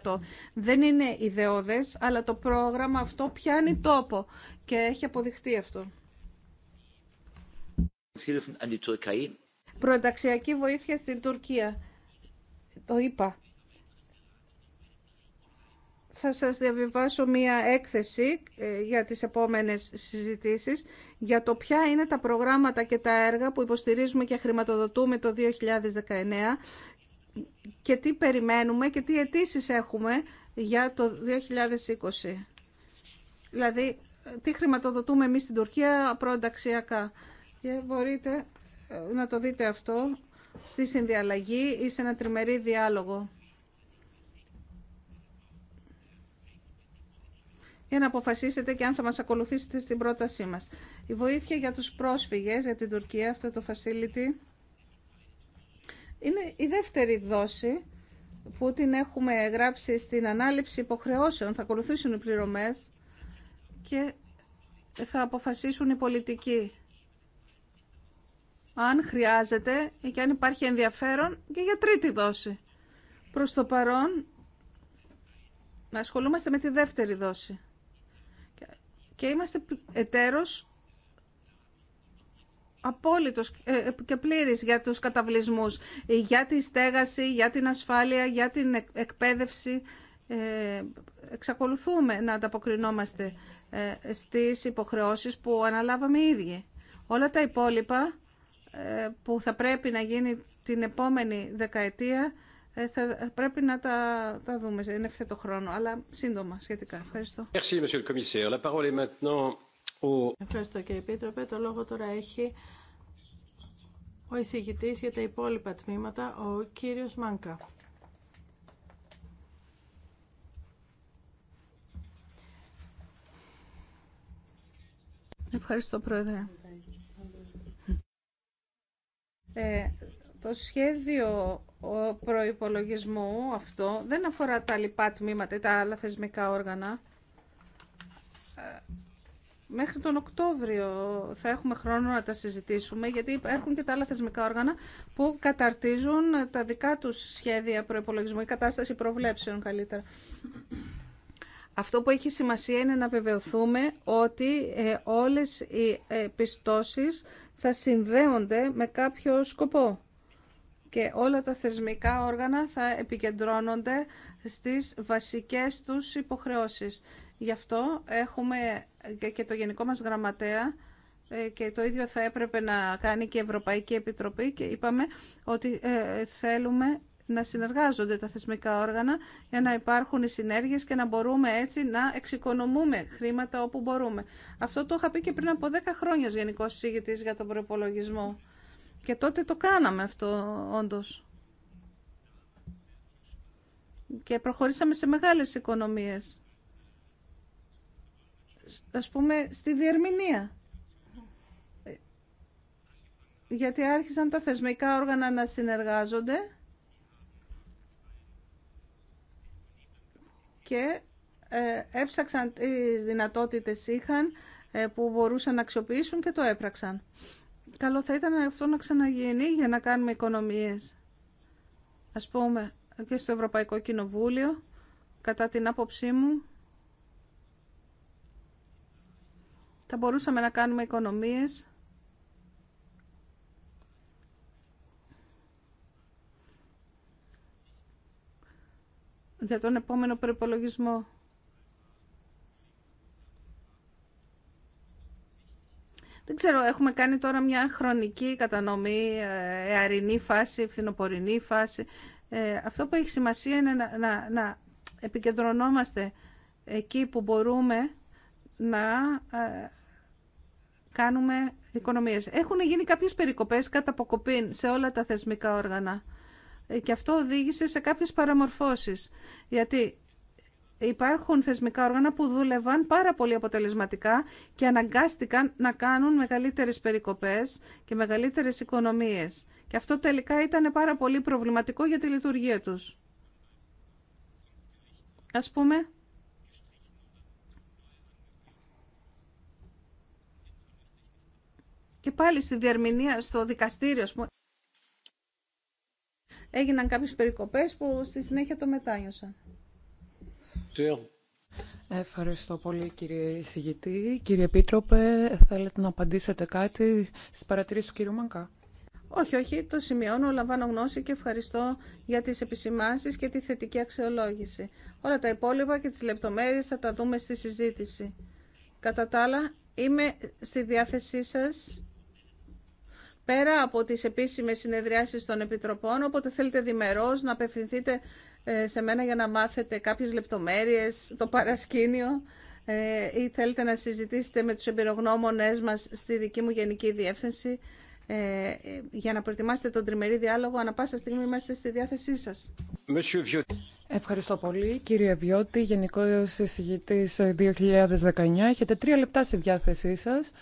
14%. Δεν είναι ιδεώδες, αλλά το πρόγραμμα αυτό πιάνει τόπο και έχει αποδειχτεί αυτό. Προενταξιακή βοήθεια στην Τουρκία. Το είπα θα σας διαβιβάσω μία έκθεση ε, για τις επόμενες συζητήσεις για το ποια είναι τα προγράμματα και τα έργα που υποστηρίζουμε και χρηματοδοτούμε το 2019 και τι περιμένουμε και τι αιτήσει έχουμε για το 2020. Δηλαδή, τι χρηματοδοτούμε εμείς στην Τουρκία προενταξιακά. Και μπορείτε ε, να το δείτε αυτό στη συνδιαλλαγή ή σε ένα τριμερή διάλογο για να αποφασίσετε και αν θα μας ακολουθήσετε στην πρότασή μας. Η βοήθεια για τους πρόσφυγες για την Τουρκία, αυτό το facility, είναι η δεύτερη δόση που την έχουμε γράψει στην ανάληψη υποχρεώσεων. Θα ακολουθήσουν οι πληρωμές και θα αποφασίσουν οι πολιτικοί αν χρειάζεται και αν υπάρχει ενδιαφέρον και για τρίτη δόση. Προς το παρόν ασχολούμαστε με τη δεύτερη δόση και είμαστε εταίρος απόλυτος ε, ε, και πλήρης για τους καταβλισμούς, για τη στέγαση, για την ασφάλεια, για την εκπαίδευση. Ε, εξακολουθούμε να ανταποκρινόμαστε στις υποχρεώσεις που αναλάβαμε οι ίδιοι. Όλα τα υπόλοιπα που θα πρέπει να γίνει την επόμενη δεκαετία ε, θα πρέπει να τα, τα δούμε. Είναι ευθέτω χρόνο, αλλά σύντομα σχετικά. Ευχαριστώ. Ευχαριστώ κύριε Επίτροπε. Το λόγο τώρα έχει ο εισηγητή για τα υπόλοιπα τμήματα, ο κύριος Μάνκα. Ευχαριστώ, Πρόεδρε. Ε, το σχέδιο προϋπολογισμού αυτό δεν αφορά τα λοιπά τμήματα ή τα άλλα θεσμικά όργανα. Μέχρι τον Οκτώβριο θα έχουμε χρόνο να τα συζητήσουμε, γιατί υπάρχουν και τα άλλα θεσμικά όργανα που καταρτίζουν τα δικά τους σχέδια προϋπολογισμού ή κατάσταση προβλέψεων καλύτερα. Αυτό που έχει σημασία είναι να βεβαιωθούμε ότι ε, όλες οι ε, πιστώσεις θα συνδέονται με κάποιο σκοπό και όλα τα θεσμικά όργανα θα επικεντρώνονται στις βασικές τους υποχρεώσεις. Γι' αυτό έχουμε και το Γενικό μας Γραμματέα ε, και το ίδιο θα έπρεπε να κάνει και η Ευρωπαϊκή Επιτροπή και είπαμε ότι ε, θέλουμε να συνεργάζονται τα θεσμικά όργανα για να υπάρχουν οι συνέργειες και να μπορούμε έτσι να εξοικονομούμε χρήματα όπου μπορούμε. Αυτό το είχα πει και πριν από 10 χρόνια ως Γενικός Σύγητης για τον προπολογισμό. Και τότε το κάναμε αυτό όντως. Και προχωρήσαμε σε μεγάλες οικονομίες. Ας πούμε στη διερμηνία. Γιατί άρχισαν τα θεσμικά όργανα να συνεργάζονται και ε, έψαξαν τις δυνατότητες είχαν ε, που μπορούσαν να αξιοποιήσουν και το έπραξαν καλό θα ήταν αυτό να ξαναγίνει για να κάνουμε οικονομίες. Ας πούμε και στο Ευρωπαϊκό Κοινοβούλιο, κατά την άποψή μου, θα μπορούσαμε να κάνουμε οικονομίες για τον επόμενο προπολογισμό. Δεν ξέρω, έχουμε κάνει τώρα μια χρονική κατανομή, αιαρινή ε, φάση, φθινοπορεινή φάση. Ε, αυτό που έχει σημασία είναι να, να, να επικεντρωνόμαστε εκεί που μπορούμε να ε, κάνουμε οικονομίες. Έχουν γίνει κάποιες περικοπές κατά αποκοπήν σε όλα τα θεσμικά όργανα. Και αυτό οδήγησε σε κάποιες παραμορφώσεις. Γιατί υπάρχουν θεσμικά όργανα που δούλευαν πάρα πολύ αποτελεσματικά και αναγκάστηκαν να κάνουν μεγαλύτερες περικοπές και μεγαλύτερες οικονομίες. Και αυτό τελικά ήταν πάρα πολύ προβληματικό για τη λειτουργία τους. Ας πούμε... Και πάλι στη διερμηνία, στο δικαστήριο, πούμε, έγιναν κάποιες περικοπές που στη συνέχεια το μετάνιωσαν. Ευχαριστώ πολύ κύριε εισηγητή. Κύριε Επίτροπε, θέλετε να απαντήσετε κάτι στις παρατηρήσεις του κύριου Μανκά. Όχι, όχι, το σημειώνω, λαμβάνω γνώση και ευχαριστώ για τις επισημάνσεις και τη θετική αξιολόγηση. Όλα τα υπόλοιπα και τις λεπτομέρειες θα τα δούμε στη συζήτηση. Κατά τα άλλα, είμαι στη διάθεσή σας πέρα από τις επίσημες συνεδριάσεις των Επιτροπών, οπότε θέλετε διμερώς να απευθυνθείτε ε, σε μένα για να μάθετε κάποιες λεπτομέρειες, το παρασκήνιο ε, ή θέλετε να συζητήσετε με τους εμπειρογνώμονές μας στη δική μου Γενική Διεύθυνση ε, για να προετοιμάσετε τον τριμερή διάλογο. Ανά πάσα στιγμή είμαστε στη διάθεσή σας. Ευχαριστώ πολύ. Κύριε Βιώτη, Γενικό Συζητητής 2019, έχετε τρία λεπτά στη διάθεσή σας.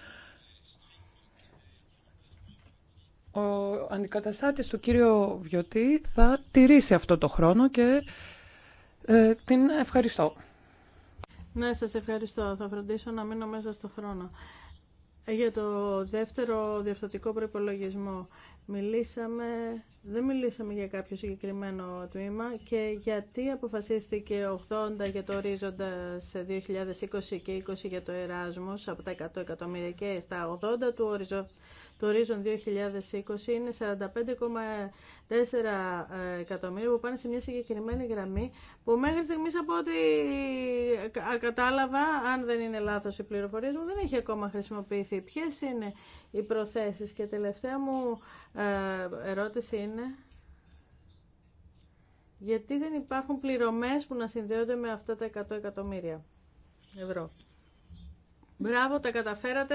Ο αντικαταστάτης του κύριο Βιωτή θα τηρήσει αυτό το χρόνο και ε, την ευχαριστώ. Ναι, σας ευχαριστώ. Θα φροντίσω να μείνω μέσα στο χρόνο. Ε, για το δεύτερο διορθωτικό προϋπολογισμό μιλήσαμε, δεν μιλήσαμε για κάποιο συγκεκριμένο τμήμα και γιατί αποφασίστηκε 80 για το ορίζοντα σε 2020 και 20 για το Εράσμος από τα 100 εκατομμύρια και στα 80 του οριζόντα. Το Horizon 2020 είναι 45,4 ε, εκατομμύρια που πάνε σε μια συγκεκριμένη γραμμή που μέχρι στιγμή από ό,τι κατάλαβα, αν δεν είναι λάθος η πληροφορία μου, δεν έχει ακόμα χρησιμοποιηθεί. Ποιε είναι οι προθέσεις και τελευταία μου ε, ερώτηση είναι... Γιατί δεν υπάρχουν πληρωμές που να συνδέονται με αυτά τα 100 εκατομμύρια ευρώ. Μπράβο, τα καταφέρατε.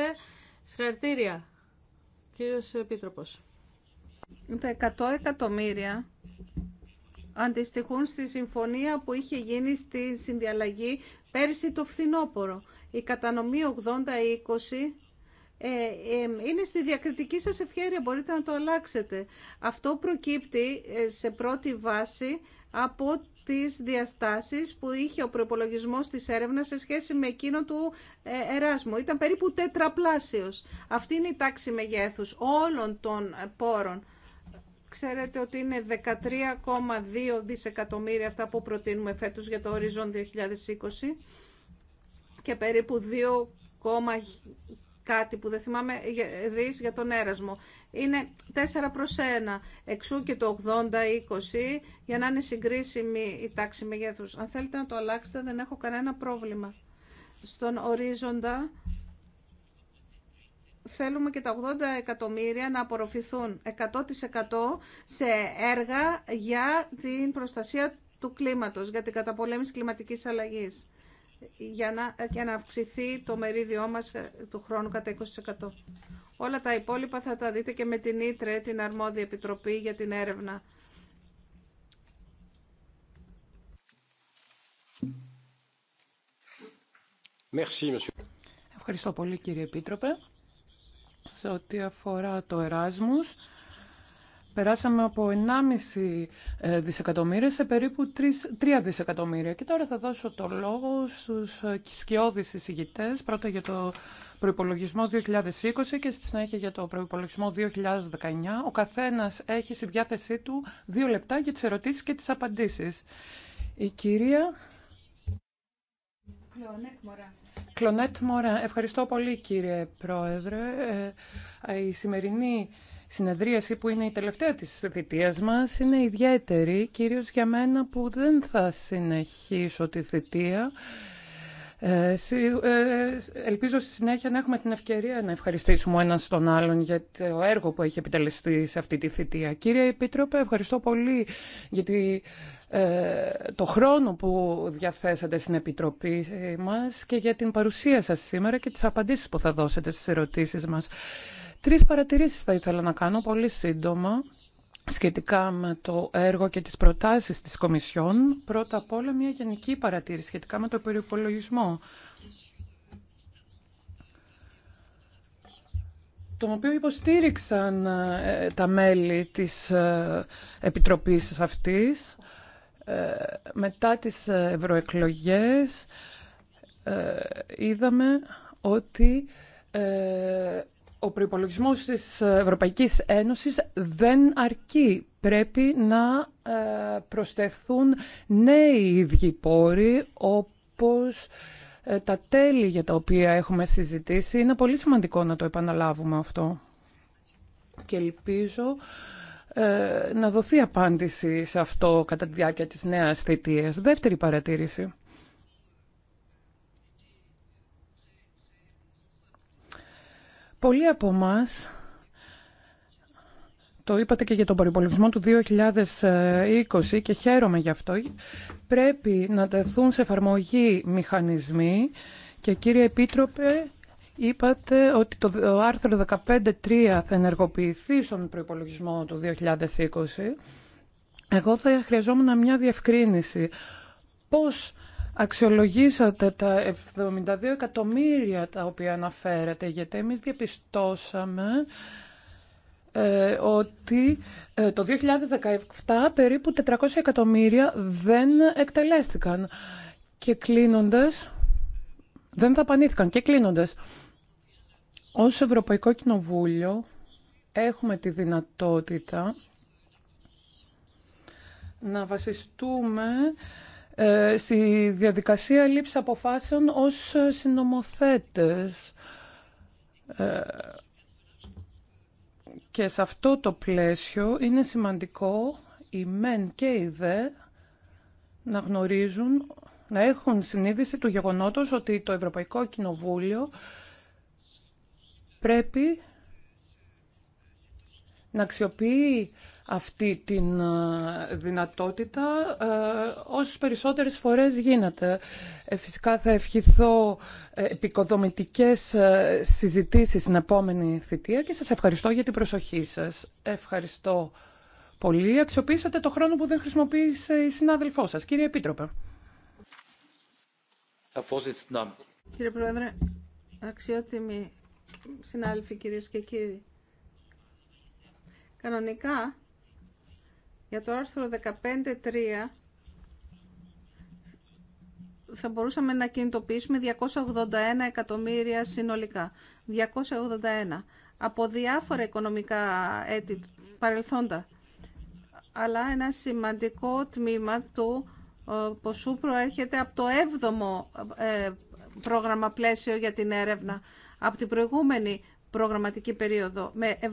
Συγχαρητήρια. Κύριος Επίτροπος. Τα 100 εκατομμύρια αντιστοιχούν στη συμφωνία που είχε γίνει στη συνδιαλλαγή πέρσι το φθινόπωρο. Η κατανομή 80-20 ε, ε, είναι στη διακριτική σας ευχαίρεια, μπορείτε να το αλλάξετε. Αυτό προκύπτει ε, σε πρώτη βάση από τις διαστάσεις που είχε ο προπολογισμός της έρευνας σε σχέση με εκείνο του ε, Εράσμου. Ήταν περίπου τετραπλάσιος. Αυτή είναι η τάξη μεγέθους όλων των ε, πόρων. Ξέρετε ότι είναι 13,2 δισεκατομμύρια αυτά που προτείνουμε φέτος για το οριζόν 2020 και περίπου 2, κάτι που δεν θυμάμαι δις για τον έρασμο. Είναι 4 προς 1, εξού και το 80-20 για να είναι συγκρίσιμη η τάξη μεγέθους. Αν θέλετε να το αλλάξετε δεν έχω κανένα πρόβλημα. Στον ορίζοντα θέλουμε και τα 80 εκατομμύρια να απορροφηθούν 100% σε έργα για την προστασία του κλίματος, για την καταπολέμηση κλιματικής αλλαγής για να, για να αυξηθεί το μερίδιό μας ε, του χρόνου κατά 20%. Όλα τα υπόλοιπα θα τα δείτε και με την Ήτρε, την Αρμόδια Επιτροπή για την έρευνα. Merci, Ευχαριστώ πολύ κύριε Επίτροπε. Σε ό,τι αφορά το Εράσμους, Περάσαμε από 1,5 ε, δισεκατομμύρια σε περίπου 3 δισεκατομμύρια. Και τώρα θα δώσω το λόγο στους ε, σκιώδεις εισηγητές, πρώτα για το προϋπολογισμό 2020 και στη συνέχεια για το προϋπολογισμό 2019. Ο καθένας έχει στη διάθεσή του δύο λεπτά για τις ερωτήσεις και τις απαντήσεις. Η κυρία... Κλονέτ Μωρά. Ευχαριστώ πολύ κύριε Πρόεδρε. Ε, η σημερινή συνεδρίαση που είναι η τελευταία της θητείας μας είναι ιδιαίτερη, κυρίως για μένα που δεν θα συνεχίσω τη θητεία. Ε, ε, ελπίζω στη συνέχεια να έχουμε την ευκαιρία να ευχαριστήσουμε έναν τον άλλον για το έργο που έχει επιτελεστεί σε αυτή τη θητεία. Κύριε Επίτροπε, ευχαριστώ πολύ για ε, το χρόνο που διαθέσατε στην Επιτροπή μας και για την παρουσία σας σήμερα και τις απαντήσεις που θα δώσετε στις ερωτήσεις μας. Τρεις παρατηρήσεις θα ήθελα να κάνω πολύ σύντομα σχετικά με το έργο και τις προτάσεις της Κομισιόν. Πρώτα απ' όλα μια γενική παρατήρηση σχετικά με το περιπολογισμό. το οποίο υποστήριξαν ε, τα μέλη της ε, Επιτροπής αυτής ε, μετά τις ευρωεκλογές είδαμε ότι ο προϋπολογισμός της Ευρωπαϊκής Ένωσης δεν αρκεί. Πρέπει να ε, προσθεθούν νέοι ίδιοι πόροι, όπως ε, τα τέλη για τα οποία έχουμε συζητήσει. Είναι πολύ σημαντικό να το επαναλάβουμε αυτό. Και ελπίζω ε, να δοθεί απάντηση σε αυτό κατά τη διάρκεια της νέας θητείας. Δεύτερη παρατήρηση. Πολλοί από εμά το είπατε και για τον προϋπολογισμό του 2020 και χαίρομαι γι' αυτό, πρέπει να τεθούν σε εφαρμογή μηχανισμοί και κύριε Επίτροπε, είπατε ότι το άρθρο 15.3 θα ενεργοποιηθεί στον προϋπολογισμό του 2020. Εγώ θα χρειαζόμουν μια διευκρίνηση. Πώς Αξιολογήσατε τα 72 εκατομμύρια τα οποία αναφέρατε, γιατί εμείς διαπιστώσαμε ε, ότι ε, το 2017 περίπου 400 εκατομμύρια δεν εκτελέστηκαν και κλείνοντας, δεν θα δαπανήθηκαν και κλείνοντας. Ως Ευρωπαϊκό Κοινοβούλιο έχουμε τη δυνατότητα να βασιστούμε ε, στη διαδικασία λήψη αποφάσεων ως συνομοθέτες. Ε, και σε αυτό το πλαίσιο είναι σημαντικό οι μεν και οι δε να γνωρίζουν, να έχουν συνείδηση του γεγονότος ότι το Ευρωπαϊκό Κοινοβούλιο πρέπει να αξιοποιεί αυτή τη ε, δυνατότητα ε, όσες περισσότερες φορές γίνεται. Ε, φυσικά θα ευχηθώ επικοδομητικές συζητήσεις στην επόμενη θητεία και σας ευχαριστώ για την προσοχή σας. Ευχαριστώ πολύ. Αξιοποιήσατε το χρόνο που δεν χρησιμοποίησε η συνάδελφό σας. Κύριε Επίτροπε. Κύριε Πρόεδρε, αξιότιμοι συνάδελφοι κυρίες και κύριοι, κανονικά για το άρθρο 15.3 θα μπορούσαμε να κινητοποιήσουμε 281 εκατομμύρια συνολικά. 281 από διάφορα οικονομικά έτη παρελθόντα. Αλλά ένα σημαντικό τμήμα του ε, ποσού προέρχεται από το 7ο ε, πρόγραμμα πλαίσιο για την έρευνα, από την προηγούμενη προγραμματική περίοδο. Με 72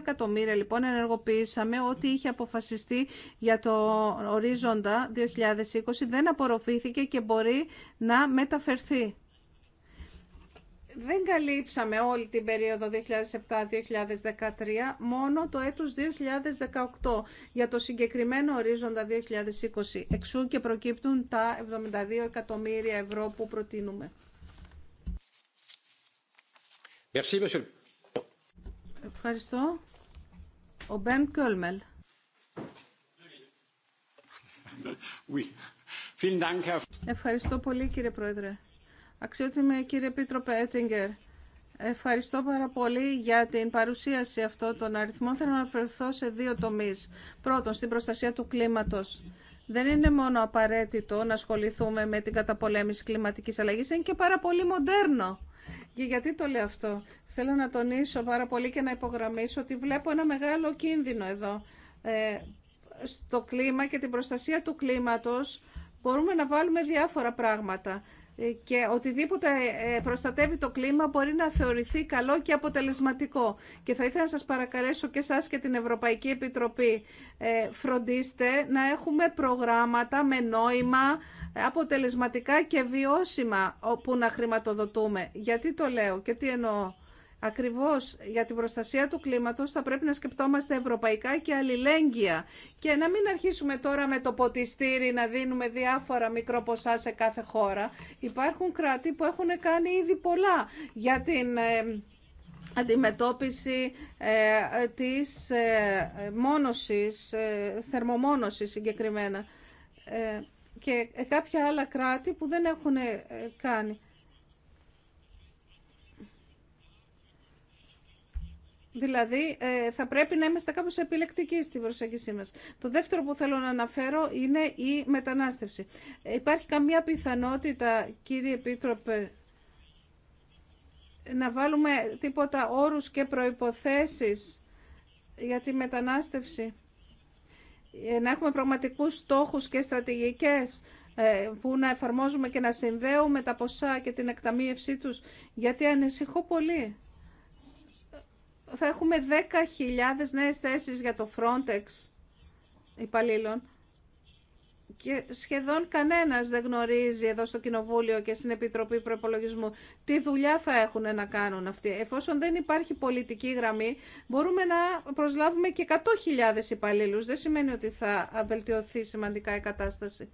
εκατομμύρια λοιπόν ενεργοποιήσαμε ό,τι είχε αποφασιστεί για το ορίζοντα 2020 δεν απορροφήθηκε και μπορεί να μεταφερθεί. Δεν καλύψαμε όλη την περίοδο 2007-2013, μόνο το έτος 2018 για το συγκεκριμένο ορίζοντα 2020. Εξού και προκύπτουν τα 72 εκατομμύρια ευρώ που προτείνουμε. Ευχαριστώ. Ο Μπεν Ευχαριστώ πολύ κύριε Πρόεδρε. Αξιότιμε κύριε Πίτροπε Έτιγκερ. Ευχαριστώ πάρα πολύ για την παρουσίαση αυτών των αριθμών. Θέλω να αναφερθώ σε δύο τομείς. Πρώτον, στην προστασία του κλίματος. Δεν είναι μόνο απαραίτητο να ασχοληθούμε με την καταπολέμηση κλιματικής αλλαγής, είναι και πάρα πολύ μοντέρνο και γιατί το λέω αυτό. Θέλω να τονίσω πάρα πολύ και να υπογραμμίσω ότι βλέπω ένα μεγάλο κίνδυνο εδώ. Ε, στο κλίμα και την προστασία του κλίματος μπορούμε να βάλουμε διάφορα πράγματα και οτιδήποτε ε, προστατεύει το κλίμα μπορεί να θεωρηθεί καλό και αποτελεσματικό. Και θα ήθελα να σας παρακαλέσω και εσάς και την Ευρωπαϊκή Επιτροπή ε, φροντίστε να έχουμε προγράμματα με νόημα αποτελεσματικά και βιώσιμα όπου να χρηματοδοτούμε. Γιατί το λέω και τι εννοώ. Ακριβώς για την προστασία του κλίματο θα πρέπει να σκεπτόμαστε ευρωπαϊκά και αλληλέγγυα και να μην αρχίσουμε τώρα με το ποτιστήρι να δίνουμε διάφορα μικροποσά σε κάθε χώρα. Υπάρχουν κράτη που έχουν κάνει ήδη πολλά για την ε, αντιμετώπιση ε, της ε, μόνωσης, θερμομόνωσης συγκεκριμένα και κάποια άλλα κράτη που δεν έχουν κάνει. Δηλαδή ε, θα πρέπει να είμαστε κάπως επιλεκτικοί στην προσέγγιση μας. Το δεύτερο που θέλω να αναφέρω είναι η μετανάστευση. Ε, υπάρχει καμία πιθανότητα, κύριε Επίτροπε, να βάλουμε τίποτα όρους και προϋποθέσεις για τη μετανάστευση. Ε, να έχουμε πραγματικούς στόχους και στρατηγικές που να εφαρμόζουμε και να συνδέουμε τα ποσά και την εκταμείευσή τους. Γιατί ανησυχώ πολύ θα έχουμε 10.000 νέες θέσεις για το Frontex υπαλλήλων και σχεδόν κανένας δεν γνωρίζει εδώ στο Κοινοβούλιο και στην Επιτροπή Προπολογισμού τι δουλειά θα έχουν να κάνουν αυτοί. Εφόσον δεν υπάρχει πολιτική γραμμή, μπορούμε να προσλάβουμε και 100.000 υπαλλήλους. Δεν σημαίνει ότι θα βελτιωθεί σημαντικά η κατάσταση.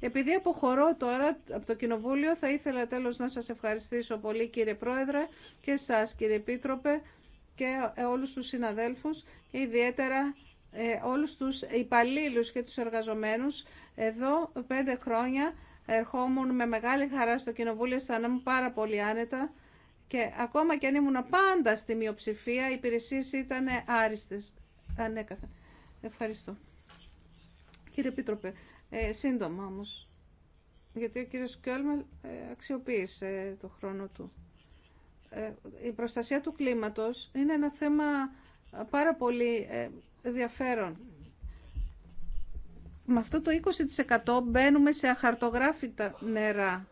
Επειδή αποχωρώ τώρα από το Κοινοβούλιο, θα ήθελα τέλος να σας ευχαριστήσω πολύ κύριε Πρόεδρε και σας κύριε Επίτροπε και όλους τους συναδέλφους και ιδιαίτερα ε, όλους τους υπαλλήλους και τους εργαζομένους. Εδώ πέντε χρόνια ερχόμουν με μεγάλη χαρά στο Κοινοβούλιο, αισθάνομαι πάρα πολύ άνετα και ακόμα και αν ήμουν πάντα στη μειοψηφία, οι υπηρεσίες ήταν άριστες. Ανέκαθεν. Ευχαριστώ. Κύριε Πίτροπε, ε, σύντομα όμως, γιατί ο κύριος Κιόλμελ ε, αξιοποίησε το χρόνο του. Ε, η προστασία του κλίματος είναι ένα θέμα πάρα πολύ ε, ενδιαφέρον. Με αυτό το 20% μπαίνουμε σε αχαρτογράφητα νερά.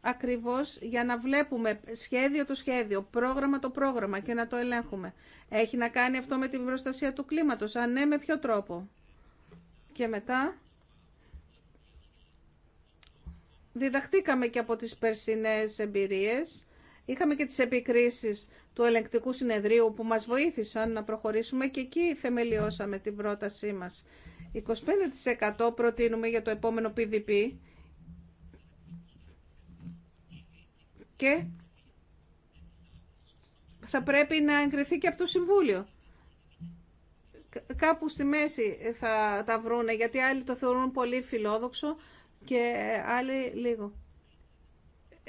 Ακριβώς για να βλέπουμε σχέδιο το σχέδιο, πρόγραμμα το πρόγραμμα και να το ελέγχουμε. Έχει να κάνει αυτό με την προστασία του κλίματος. Αν ναι, με ποιο τρόπο. Και μετά διδαχτήκαμε και από τις περσινές εμπειρίες Είχαμε και τις επικρίσεις του ελεγκτικού συνεδρίου που μας βοήθησαν να προχωρήσουμε και εκεί θεμελιώσαμε την πρότασή μας. 25% προτείνουμε για το επόμενο PDP και θα πρέπει να εγκριθεί και από το Συμβούλιο. Κάπου στη μέση θα τα βρούνε, γιατί άλλοι το θεωρούν πολύ φιλόδοξο και άλλοι λίγο.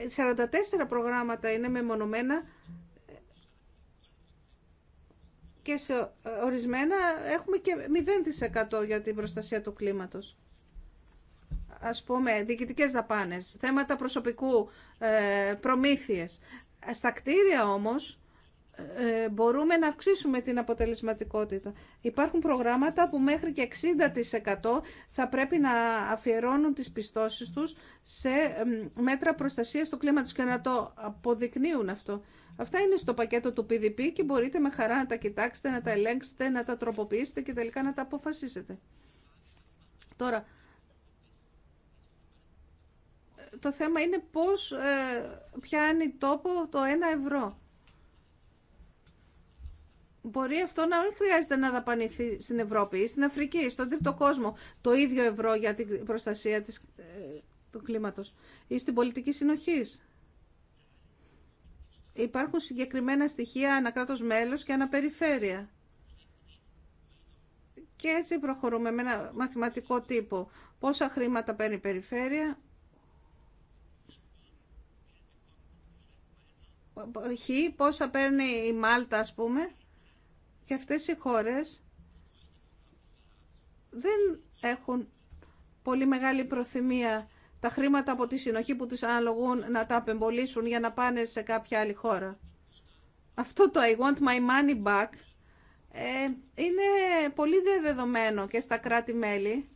44 προγράμματα είναι μεμονωμένα και σε ορισμένα έχουμε και 0% για την προστασία του κλίματος. Ας πούμε, διοικητικές δαπάνες, θέματα προσωπικού, ε, προμήθειες. Στα κτίρια όμως ε, μπορούμε να αυξήσουμε την αποτελεσματικότητα. Υπάρχουν προγράμματα που μέχρι και 60% θα πρέπει να αφιερώνουν τις πιστώσεις τους σε μέτρα προστασίας του κλίματος και να το αποδεικνύουν αυτό. Αυτά είναι στο πακέτο του PDP και μπορείτε με χαρά να τα κοιτάξετε, να τα ελέγξετε, να τα τροποποιήσετε και τελικά να τα αποφασίσετε. Τώρα, ε, το θέμα είναι πώς ε, πιάνει τόπο το 1 ευρώ μπορεί αυτό να μην χρειάζεται να δαπανηθεί στην Ευρώπη ή στην Αφρική, στον τρίτο κόσμο, το ίδιο ευρώ για την προστασία της, ε, του κλίματος ή στην πολιτική συνοχής. Υπάρχουν συγκεκριμένα στοιχεία ανά κράτος μέλος και ανά περιφέρεια. Και έτσι προχωρούμε με ένα μαθηματικό τύπο. Πόσα χρήματα παίρνει η περιφέρεια, ανα κρατος μελος και αναπεριφερεια και ετσι προχωρουμε με ενα παίρνει η περιφερεια ποσα παιρνει η μαλτα ας πούμε, και αυτές οι χώρες δεν έχουν πολύ μεγάλη προθυμία τα χρήματα από τη συνοχή που τους αναλογούν να τα απεμπολίσουν για να πάνε σε κάποια άλλη χώρα. Αυτό το I want my money back ε, είναι πολύ διαδεδομένο δεδομένο και στα κράτη-μέλη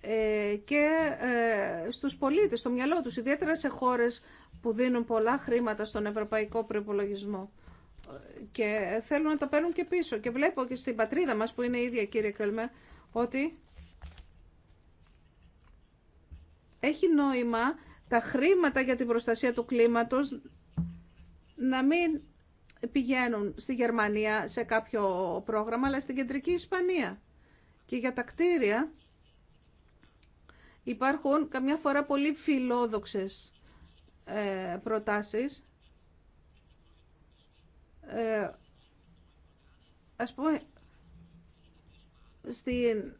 ε, και ε, στους πολίτες, στο μυαλό τους, ιδιαίτερα σε χώρες που δίνουν πολλά χρήματα στον ευρωπαϊκό προϋπολογισμό και θέλουν να τα παίρνουν και πίσω. Και βλέπω και στην πατρίδα μας που είναι η ίδια κύριε Κελμέ ότι έχει νόημα τα χρήματα για την προστασία του κλίματος να μην πηγαίνουν στη Γερμανία σε κάποιο πρόγραμμα, αλλά στην κεντρική Ισπανία. Και για τα κτίρια υπάρχουν καμιά φορά πολύ φιλόδοξες ε, προτάσεις ε, ας πούμε, στην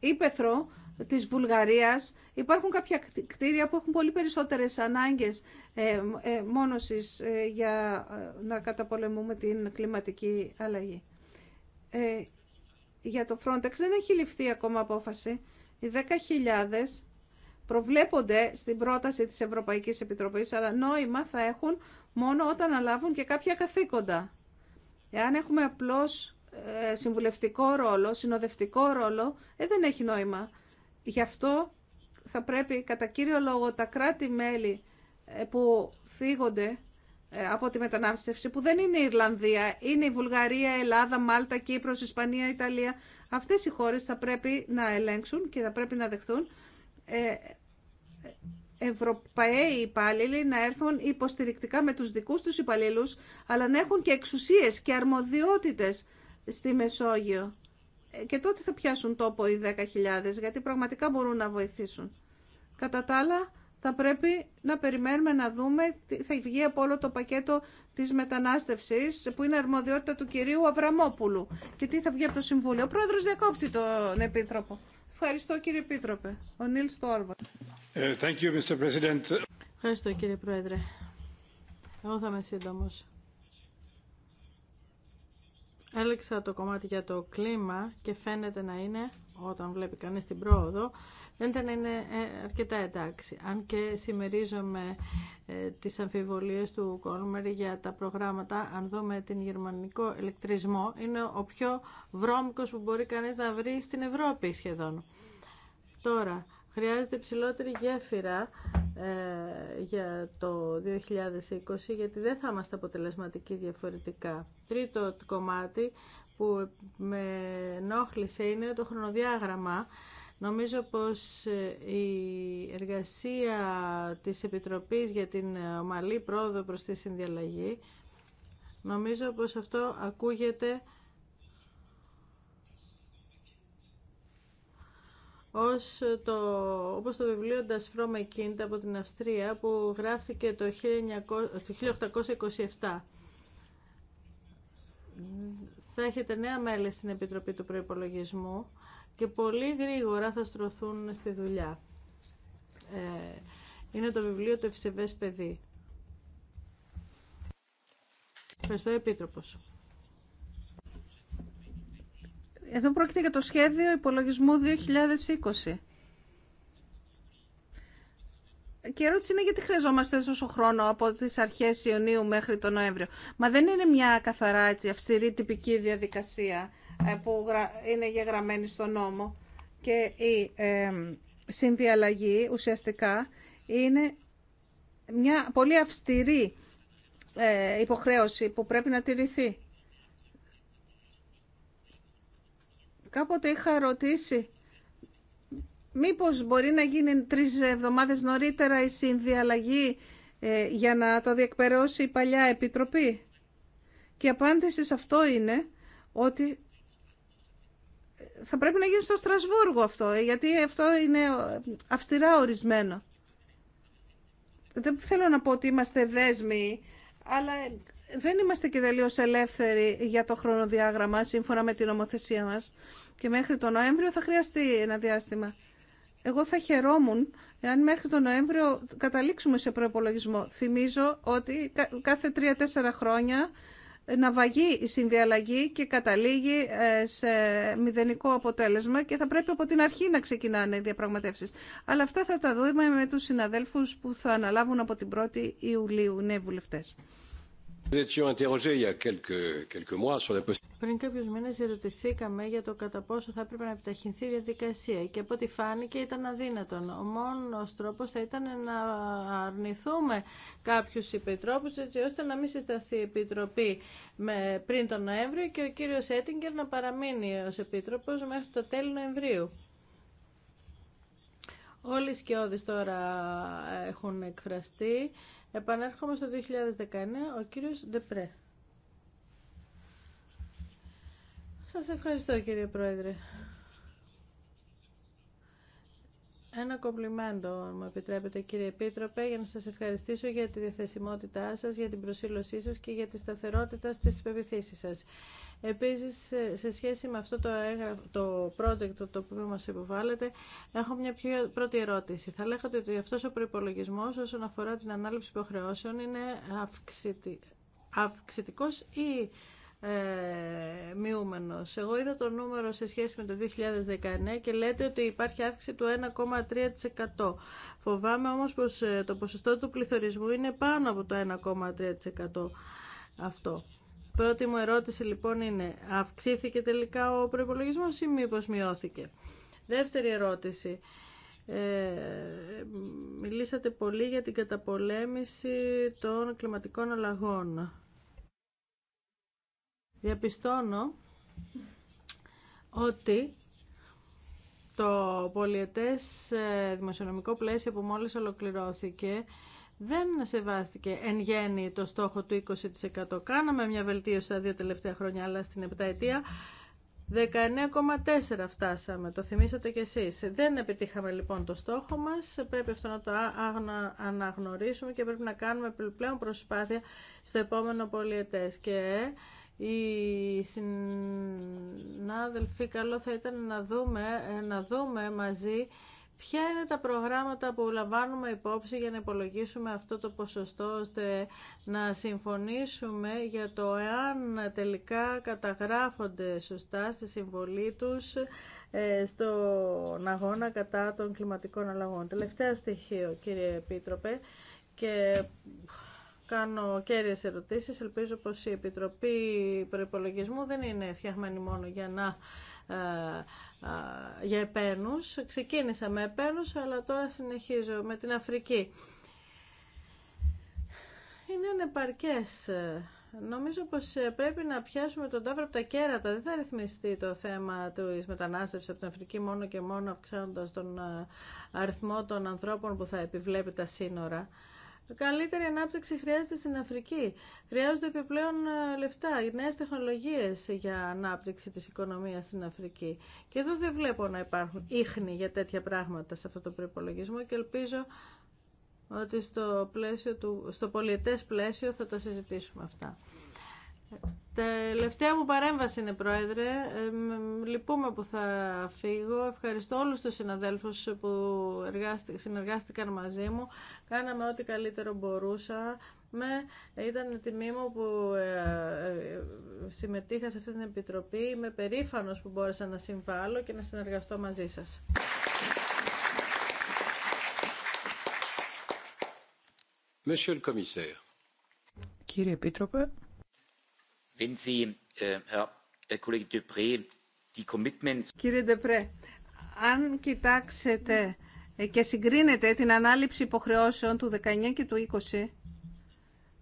Ήπεθρο της Βουλγαρίας υπάρχουν κάποια κτίρια που έχουν πολύ περισσότερες ανάγκες ε, ε μόνωσης ε, για ε, να καταπολεμούμε την κλιματική αλλαγή. για το Frontex δεν έχει ληφθεί ακόμα απόφαση. Οι 10.000 προβλέπονται στην πρόταση της Ευρωπαϊκής Επιτροπής, αλλά νόημα θα έχουν μόνο όταν αναλάβουν και κάποια καθήκοντα. Εάν έχουμε απλώς ε, συμβουλευτικό ρόλο, συνοδευτικό ρόλο, ε, δεν έχει νόημα. Γι' αυτό θα πρέπει κατά κύριο λόγο τα κράτη-μέλη ε, που θίγονται από τη μετανάστευση, που δεν είναι η Ιρλανδία, είναι η Βουλγαρία, Ελλάδα, Μάλτα, Κύπρος, Ισπανία, Ιταλία. Αυτές οι χώρες θα πρέπει να ελέγξουν και θα πρέπει να δεχθούν Ευρωπαίοι υπάλληλοι να έρθουν υποστηρικτικά με τους δικούς τους υπαλλήλους, αλλά να έχουν και εξουσίες και αρμοδιότητες στη Μεσόγειο. Ε, και τότε θα πιάσουν τόπο οι 10.000, γιατί πραγματικά μπορούν να βοηθήσουν. Κατά τα άλλα, θα πρέπει να περιμένουμε να δούμε τι θα βγει από όλο το πακέτο της μετανάστευσης που είναι αρμοδιότητα του κυρίου Αβραμόπουλου και τι θα βγει από το Συμβούλιο. Ο πρόεδρος διακόπτει τον Επίτροπο. Ευχαριστώ κύριε Επίτροπε. Ο Νίλ Στόρβα. Ε, thank you, Mr. President. Ευχαριστώ κύριε Πρόεδρε. Εγώ θα είμαι σύντομο. Έλεξα το κομμάτι για το κλίμα και φαίνεται να είναι, όταν βλέπει κανείς την πρόοδο, δεν ήταν είναι ε, αρκετά εντάξει. Αν και συμμερίζομαι ε, τις αμφιβολίες του Κόλμερ για τα προγράμματα, αν δούμε την γερμανικό ηλεκτρισμό, είναι ο πιο βρώμικος που μπορεί κανείς να βρει στην Ευρώπη σχεδόν. Τώρα, χρειάζεται ψηλότερη γέφυρα ε, για το 2020 γιατί δεν θα είμαστε αποτελεσματικοί διαφορετικά. Τρίτο κομμάτι που με ενόχλησε είναι το χρονοδιάγραμμα Νομίζω πως ε, η εργασία της Επιτροπής για την ε, ομαλή πρόοδο προς τη συνδιαλλαγή, νομίζω πως αυτό ακούγεται ως το, όπως το βιβλίο Das Fromme Kind από την Αυστρία που γράφτηκε το 1827. Θα έχετε νέα μέλη στην Επιτροπή του Προϋπολογισμού και πολύ γρήγορα θα στρωθούν στη δουλειά. Ε, είναι το βιβλίο του ευσεβές παιδί». Ευχαριστώ, Επίτροπος. Εδώ πρόκειται για το σχέδιο υπολογισμού 2020. Και η ερώτηση είναι γιατί χρειαζόμαστε τόσο χρόνο από τις αρχές Ιουνίου μέχρι τον Νοέμβριο. Μα δεν είναι μια καθαρά έτσι, αυστηρή τυπική διαδικασία ε, που είναι γεγραμμένη στο νόμο και η ε, συνδιαλλαγή ουσιαστικά είναι μια πολύ αυστηρή ε, υποχρέωση που πρέπει να τηρηθεί. Κάποτε είχα ρωτήσει μήπως μπορεί να γίνει τρεις εβδομάδες νωρίτερα η συνδιαλλαγή για να το διεκπαιρεώσει η παλιά επιτροπή. Και η απάντηση σε αυτό είναι ότι θα πρέπει να γίνει στο Στρασβούργο αυτό, ε, γιατί αυτό είναι ε, αυστηρά ορισμένο. Δεν θέλω να πω ότι είμαστε δέσμοι, αλλά ε, δεν είμαστε και τελείω ελεύθεροι για το χρονοδιάγραμμα σύμφωνα με την νομοθεσία μας. Και μέχρι τον Νοέμβριο θα χρειαστεί ένα διάστημα. Εγώ θα χαιρόμουν εάν μέχρι τον Νοέμβριο καταλήξουμε σε προπολογισμό. Θυμίζω ότι κάθε τρία-τέσσερα χρόνια να βαγεί η συνδιαλλαγή και καταλήγει ε, σε μηδενικό αποτέλεσμα και θα πρέπει από την αρχή να ξεκινάνε οι διαπραγματεύσεις. Αλλά αυτά θα τα δούμε με τους συναδέλφους που θα αναλάβουν από την 1η Ιουλίου, νέοι βουλευτές. Πριν κάποιου μήνε ερωτηθήκαμε για το κατά πόσο θα έπρεπε να επιταχυνθεί η διαδικασία και από ό,τι φάνηκε ήταν αδύνατον. Ο μόνο τρόπο θα ήταν να αρνηθούμε κάποιου επιτρόπους έτσι ώστε να μην συσταθεί η Επιτροπή πριν τον Νοέμβριο και ο κύριο Έτιγκερ να παραμείνει ω Επίτροπο μέχρι το τέλη Νοεμβρίου. Όλοι οι σκιώδεις τώρα έχουν εκφραστεί. Επανέρχομαι στο 2019, ο κύριος Ντεπρέ. Σας ευχαριστώ κύριε Πρόεδρε. Ένα κομπλιμέντο, μου επιτρέπετε κύριε Επίτροπε, για να σας ευχαριστήσω για τη διαθεσιμότητά σας, για την προσήλωσή σας και για τη σταθερότητα στις πεπιθήσεις σας. Επίσης, σε σχέση με αυτό το, το project το οποίο μας υποβάλλεται, έχω μια πιο πρώτη ερώτηση. Θα λέγατε ότι αυτός ο προπολογισμό όσον αφορά την ανάληψη υποχρεώσεων είναι αυξητη, αυξητικός ή ε, μειούμενος. Εγώ είδα το νούμερο σε σχέση με το 2019 και λέτε ότι υπάρχει αύξηση του 1,3%. Φοβάμαι όμως πως ε, το ποσοστό του πληθωρισμού είναι πάνω από το 1,3% αυτό. Πρώτη μου ερώτηση λοιπόν είναι, αυξήθηκε τελικά ο προπολογισμό ή μήπω μειώθηκε. Δεύτερη ερώτηση. Ε, μιλήσατε πολύ για την καταπολέμηση των κλιματικών αλλαγών. Διαπιστώνω ότι το πολιετές ε, δημοσιονομικό πλαίσιο που μόλις ολοκληρώθηκε δεν σεβάστηκε εν γέννη το στόχο του 20%. Κάναμε μια βελτίωση τα δύο τελευταία χρόνια, αλλά στην επταετία 19,4 φτάσαμε, το θυμήσατε κι εσείς. Δεν επιτύχαμε λοιπόν το στόχο μας, πρέπει αυτό να το αναγνωρίσουμε και πρέπει να κάνουμε πλέον προσπάθεια στο επόμενο πολιετές. Και οι συνάδελφοι, καλό θα ήταν να δούμε, να δούμε μαζί Ποια είναι τα προγράμματα που λαμβάνουμε υπόψη για να υπολογίσουμε αυτό το ποσοστό ώστε να συμφωνήσουμε για το εάν τελικά καταγράφονται σωστά στη συμβολή τους ε, στον αγώνα κατά των κλιματικών αλλαγών. Τελευταία στοιχείο κύριε Επίτροπε και κάνω κέρδες ερωτήσεις. Ελπίζω πως η Επιτροπή Προϋπολογισμού δεν είναι φτιαγμένη μόνο για να ε, για επένους. Ξεκίνησα με επένους, αλλά τώρα συνεχίζω με την Αφρική. Είναι ανεπαρκές. Νομίζω πως ε, πρέπει να πιάσουμε τον τάβρο από τα κέρατα. Δεν θα ρυθμιστεί το θέμα του μετανάστευσης από την Αφρική μόνο και μόνο αυξάνοντας τον ε, αριθμό των ανθρώπων που θα επιβλέπει τα σύνορα. Καλύτερη ανάπτυξη χρειάζεται στην Αφρική. Χρειάζονται επιπλέον ε, λεφτά, νέε τεχνολογίε για ανάπτυξη τη οικονομία στην Αφρική. Και εδώ δεν βλέπω να υπάρχουν ίχνη για τέτοια πράγματα σε αυτό το προπολογισμό και ελπίζω ότι στο, πλαίσιο στο πλαίσιο θα τα συζητήσουμε αυτά. Τελευταία μου παρέμβαση είναι, Πρόεδρε. λυπούμε που θα φύγω. Ευχαριστώ όλους τους συναδέλφους που συνεργάστηκαν μαζί μου. Κάναμε ό,τι καλύτερο μπορούσα. Με, ήταν τιμή μου που ε, ε, συμμετείχα σε αυτή την επιτροπή. Είμαι περήφανος που μπόρεσα να συμβάλλω και να συνεργαστώ μαζί σας. Κύριε Επίτροπε, Wenn Sie, äh, Herr äh, Kollege die commitments... Κύριε Ντεπρέ, αν κοιτάξετε ε, και συγκρίνετε την ανάληψη υποχρεώσεων του 19 και του 20,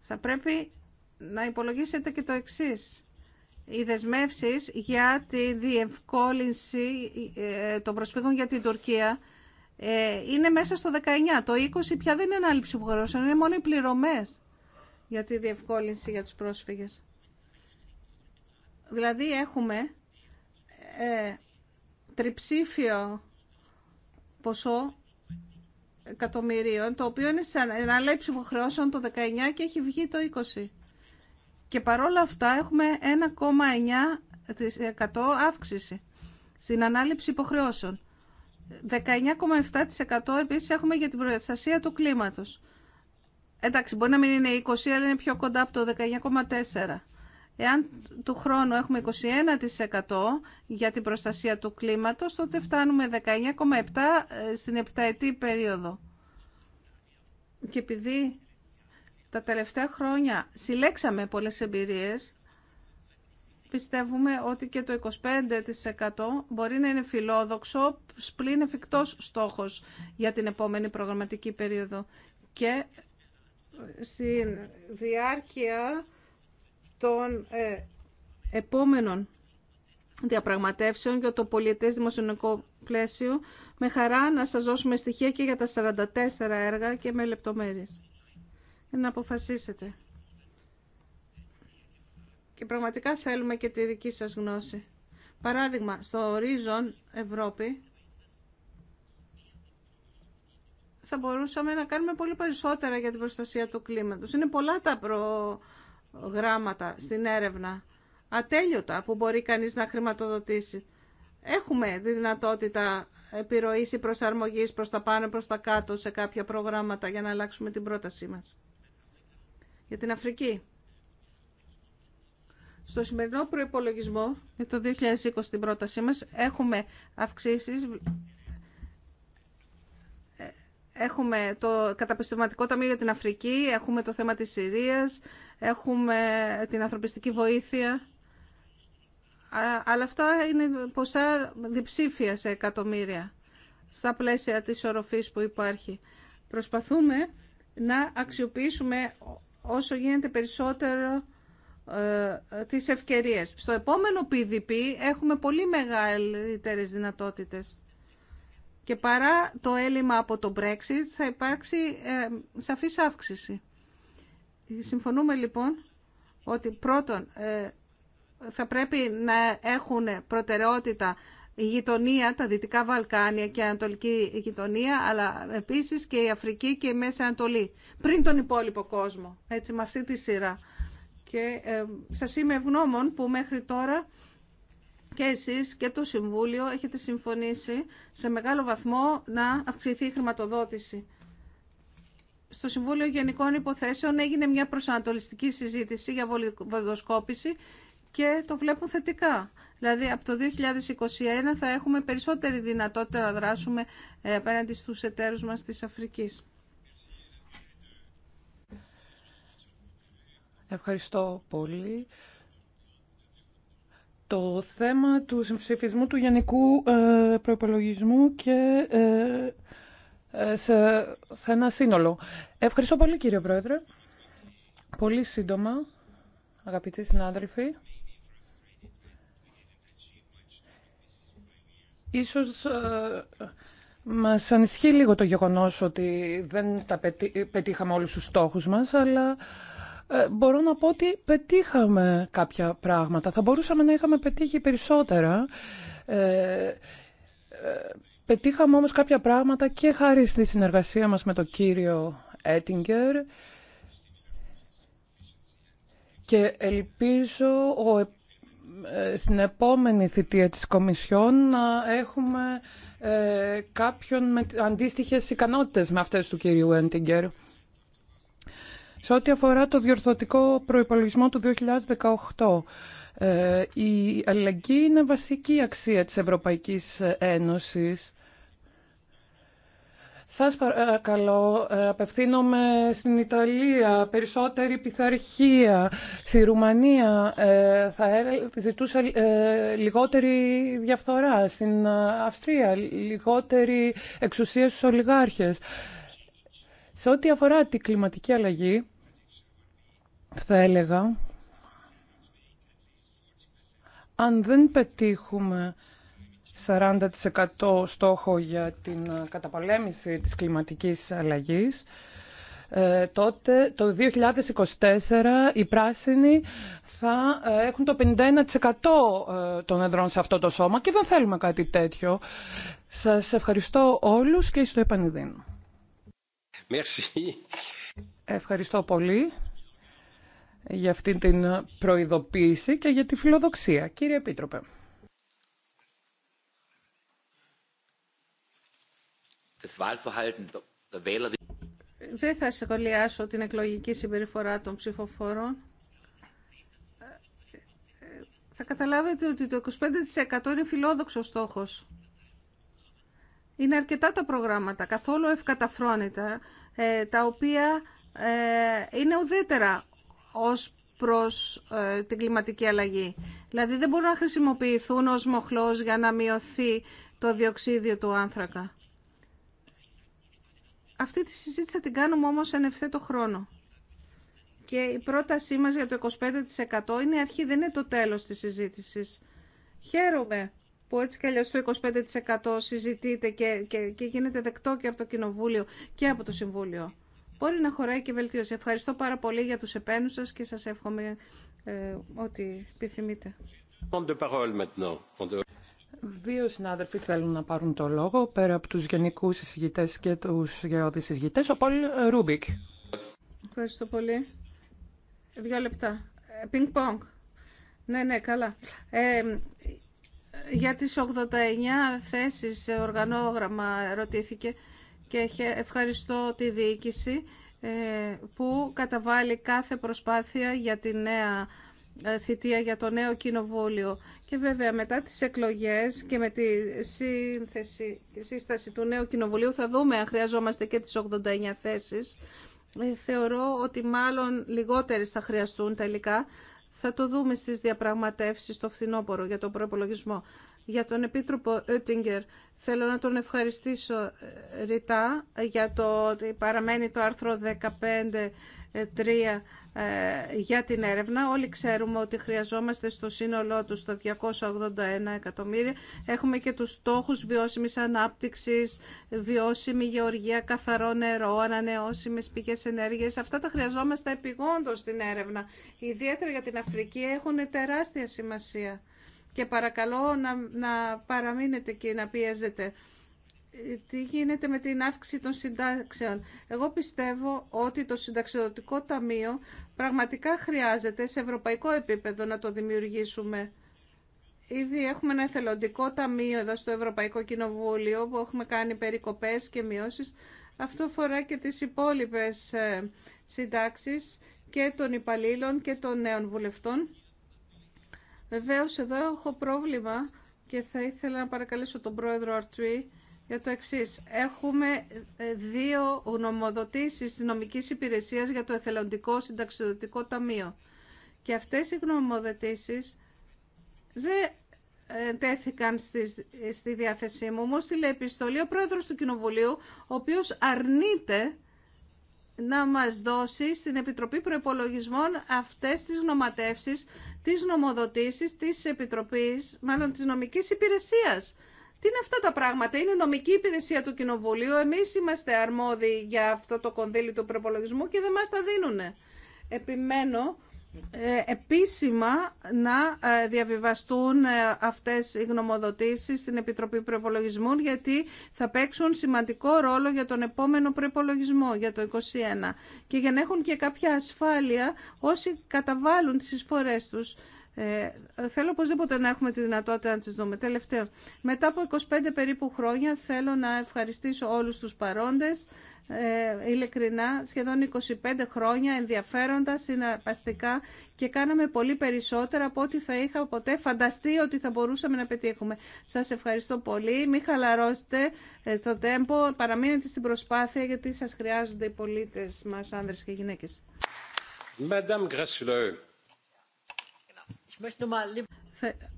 θα πρέπει να υπολογίσετε και το εξής. Οι δεσμεύσει για τη διευκόλυνση ε, των προσφύγων για την Τουρκία ε, είναι μέσα στο 19. Το 20 πια δεν είναι ανάληψη υποχρεώσεων, είναι μόνο οι πληρωμές για τη διευκόλυνση για τους πρόσφυγες. Δηλαδή έχουμε ε, τριψήφιο ποσό εκατομμυρίων, το οποίο είναι σε ανάληψη υποχρεώσεων το 19 και έχει βγει το 20. Και παρόλα αυτά έχουμε 1,9% αύξηση στην ανάληψη υποχρεώσεων. 19,7% επίσης έχουμε για την προστασία του κλίματος. Εντάξει, μπορεί να μην είναι 20, αλλά είναι πιο κοντά από το 19,4%. Εάν του χρόνου έχουμε 21% για την προστασία του κλίματος, τότε φτάνουμε 19,7% ε, στην επταετή περίοδο. Και επειδή τα τελευταία χρόνια συλλέξαμε πολλές εμπειρίες, πιστεύουμε ότι και το 25% μπορεί να είναι φιλόδοξο, πλην εφικτός στόχος για την επόμενη προγραμματική περίοδο. Και στη διάρκεια των ε, επόμενων διαπραγματεύσεων για το πολιετές δημοσιονομικό πλαίσιο. Με χαρά να σας δώσουμε στοιχεία και για τα 44 έργα και με λεπτομέρειες. Ε, να αποφασίσετε. Και πραγματικά θέλουμε και τη δική σας γνώση. Παράδειγμα, στο Horizon Ευρώπη θα μπορούσαμε να κάνουμε πολύ περισσότερα για την προστασία του κλίματος. Είναι πολλά τα προ γράμματα στην έρευνα, ατέλειωτα που μπορεί κανείς να χρηματοδοτήσει. Έχουμε δυνατότητα επιρροής ή προσαρμογής προς τα πάνω, προς τα κάτω σε κάποια προγράμματα για να αλλάξουμε την πρότασή μας. Για την Αφρική. Στο σημερινό προϋπολογισμό για το 2020 την πρότασή μας έχουμε αυξήσεις ε, Έχουμε το καταπιστευματικό ταμείο για την Αφρική, έχουμε το θέμα της Συρίας, έχουμε την ανθρωπιστική βοήθεια. Αλλά αυτά είναι ποσά διψήφια σε εκατομμύρια στα πλαίσια της οροφής που υπάρχει. Προσπαθούμε να αξιοποιήσουμε όσο γίνεται περισσότερο ε, τις ευκαιρίες. Στο επόμενο PDP έχουμε πολύ μεγαλύτερες δυνατότητες. Και παρά το έλλειμμα από το Brexit θα υπάρξει ε, σαφής αύξηση. Συμφωνούμε λοιπόν ότι πρώτον ε, θα πρέπει να έχουν προτεραιότητα η γειτονία, τα Δυτικά Βαλκάνια και η Ανατολική γειτονία, αλλά επίσης και η Αφρική και η Μέση Ανατολή, πριν τον υπόλοιπο κόσμο, έτσι με αυτή τη σειρά. Και ε, σας είμαι ευγνώμων που μέχρι τώρα και εσείς και το Συμβούλιο έχετε συμφωνήσει σε μεγάλο βαθμό να αυξηθεί η χρηματοδότηση στο Συμβούλιο Γενικών Υποθέσεων έγινε μια προσανατολιστική συζήτηση για βολιδοσκόπηση και το βλέπουν θετικά. Δηλαδή από το 2021 θα έχουμε περισσότερη δυνατότητα να δράσουμε ε, απέναντι στους εταίρους μας της Αφρικής. Ευχαριστώ πολύ. Το θέμα του συμψηφισμού του Γενικού ε, Προπολογισμού και ε, ε, σε, σε ένα σύνολο. Ευχαριστώ πολύ κύριε Πρόεδρε. Πολύ σύντομα, αγαπητοί συνάδελφοι. Ίσως ε, μας ανισχύει λίγο το γεγονός ότι δεν τα πετύχαμε όλους τους στόχους μας, αλλά ε, μπορώ να πω ότι πετύχαμε κάποια πράγματα. Θα μπορούσαμε να είχαμε πετύχει περισσότερα. Ε, ε Πετύχαμε όμως κάποια πράγματα και χάρη στη συνεργασία μας με τον κύριο Έτιγκερ και ελπίζω ε, στην επόμενη θητεία της Κομισιόν να έχουμε ε, κάποιον με αντίστοιχες ικανότητες με αυτές του κυρίου Έντιγκερ. Σε ό,τι αφορά το διορθωτικό προϋπολογισμό του 2018, ε, η αλληλεγγύη είναι βασική αξία της Ευρωπαϊκής Ένωσης. Σας παρακαλώ, ε, απευθύνομαι στην Ιταλία, περισσότερη πειθαρχία. Στη Ρουμανία ε, θα ζητούσα λιγότερη διαφθορά. Στην Αυστρία λιγότερη εξουσία στους ολιγάρχες. Σε ό,τι αφορά την κλιματική αλλαγή, θα έλεγα αν δεν πετύχουμε 40% στόχο για την ε, καταπολέμηση της κλιματικής αλλαγής, ε, τότε το 2024 οι πράσινοι θα ε, έχουν το 51% των εδρών σε αυτό το σώμα και δεν θέλουμε κάτι τέτοιο. Σας ευχαριστώ όλους και στο επανειδήν. Merci. Ευχαριστώ πολύ για αυτή την προειδοποίηση και για τη φιλοδοξία. Κύριε Επίτροπε. Δεν θα σχολιάσω την εκλογική συμπεριφορά των ψηφοφόρων. Θα καταλάβετε ότι το 25% είναι φιλόδοξο στόχος. Είναι αρκετά τα προγράμματα, καθόλου ευκαταφρόνητα, ε, τα οποία ε, είναι ουδέτερα ως προς ε, την κλιματική αλλαγή. Δηλαδή δεν μπορούν να χρησιμοποιηθούν ως μοχλός για να μειωθεί το διοξίδιο του άνθρακα. Αυτή τη συζήτηση θα την κάνουμε όμως εν ευθέτω χρόνο. Και η πρότασή μας για το 25% είναι η αρχή, δεν είναι το τέλος της συζήτησης. Χαίρομαι που έτσι κι αλλιώς το 25% συζητείται και, και, και γίνεται δεκτό και από το Κοινοβούλιο και από το Συμβούλιο μπορεί να χωράει και βελτίωση. Ευχαριστώ πάρα πολύ για τους επένους σας και σας εύχομαι ε, ό,τι επιθυμείτε. Δύο συνάδελφοι θέλουν να πάρουν το λόγο, πέρα από τους γενικούς συζητητές και τους γεώδεις συζητητές, ο Πολ Ρούμπικ. Ευχαριστώ πολύ. Δύο λεπτά. Πινκ ε, πόνκ. Ναι, ναι, καλά. Ε, για τις 89 θέσεις σε οργανόγραμμα ρωτήθηκε και ευχαριστώ τη διοίκηση ε, που καταβάλει κάθε προσπάθεια για τη νέα ε, θητεία για το νέο κοινοβούλιο. Και βέβαια μετά τις εκλογές και με τη σύνθεση, σύσταση του νέου κοινοβουλίου θα δούμε αν χρειαζόμαστε και τις 89 θέσεις. Ε, θεωρώ ότι μάλλον λιγότερες θα χρειαστούν τελικά. Θα το δούμε στις διαπραγματεύσεις το φθινόπωρο για τον προπολογισμό για τον Επίτροπο Ότιγκερ. Θέλω να τον ευχαριστήσω ε, ρητά για το ότι παραμένει το άρθρο 15.3 ε, για την έρευνα. Όλοι ξέρουμε ότι χρειαζόμαστε στο σύνολό του τα 281 εκατομμύρια. Έχουμε και τους στόχους βιώσιμης ανάπτυξης, βιώσιμη γεωργία, καθαρό νερό, ανανεώσιμες πηγές ενέργειας. Αυτά τα χρειαζόμαστε επιγόντως στην έρευνα. Ιδιαίτερα για την Αφρική έχουν τεράστια σημασία και παρακαλώ να, να παραμείνετε και να πιέζετε. Τι γίνεται με την αύξηση των συντάξεων. Εγώ πιστεύω ότι το συνταξιδοτικό ταμείο πραγματικά χρειάζεται σε ευρωπαϊκό επίπεδο να το δημιουργήσουμε. Ήδη έχουμε ένα εθελοντικό ταμείο εδώ στο Ευρωπαϊκό Κοινοβούλιο που έχουμε κάνει περικοπές και μειώσεις. Αυτό αφορά και τις υπόλοιπες ε, συντάξεις και των υπαλλήλων και των νέων βουλευτών. Βεβαίω εδώ έχω πρόβλημα και θα ήθελα να παρακαλέσω τον πρόεδρο Αρτουή για το εξή. Έχουμε ε, δύο γνωμοδοτήσεις τη νομικής υπηρεσίας για το εθελοντικό συνταξιδοτικό ταμείο. Και αυτές οι γνωμοδοτήσεις δεν ε, τέθηκαν στη, στη διάθεσή μου. Όμως στείλε επιστολή ο πρόεδρος του Κοινοβουλίου, ο οποίος αρνείται να μας δώσει στην Επιτροπή Προϋπολογισμών αυτές τις γνωματεύσεις τις νομοδοτήσεις τη επιτροπή, μάλλον τη νομική υπηρεσία. Τι είναι αυτά τα πράγματα, είναι η νομική υπηρεσία του Κοινοβουλίου, εμείς είμαστε αρμόδιοι για αυτό το κονδύλι του προπολογισμού και δεν μας τα δίνουν. Επιμένω ε, επίσημα να ε, διαβιβαστούν ε, αυτές οι γνωμοδοτήσεις στην Επιτροπή προπολογισμού, γιατί θα παίξουν σημαντικό ρόλο για τον επόμενο προπολογισμό για το 2021 και για να έχουν και κάποια ασφάλεια όσοι καταβάλουν τις εισφορές τους. θέλω οπωσδήποτε να έχουμε τη δυνατότητα να τις δούμε. Τελευταίο, μετά από 25 περίπου χρόνια θέλω να ευχαριστήσω όλους τους παρόντες ε, ειλικρινά σχεδόν 25 χρόνια ενδιαφέροντα, συναρπαστικά και κάναμε πολύ περισσότερα από ό,τι θα είχα ποτέ φανταστεί ότι θα μπορούσαμε να πετύχουμε. Σας ευχαριστώ πολύ. Μην χαλαρώσετε ε, το τέμπο, παραμείνετε στην προσπάθεια γιατί σας χρειάζονται οι πολίτες μας, άνδρες και γυναίκες.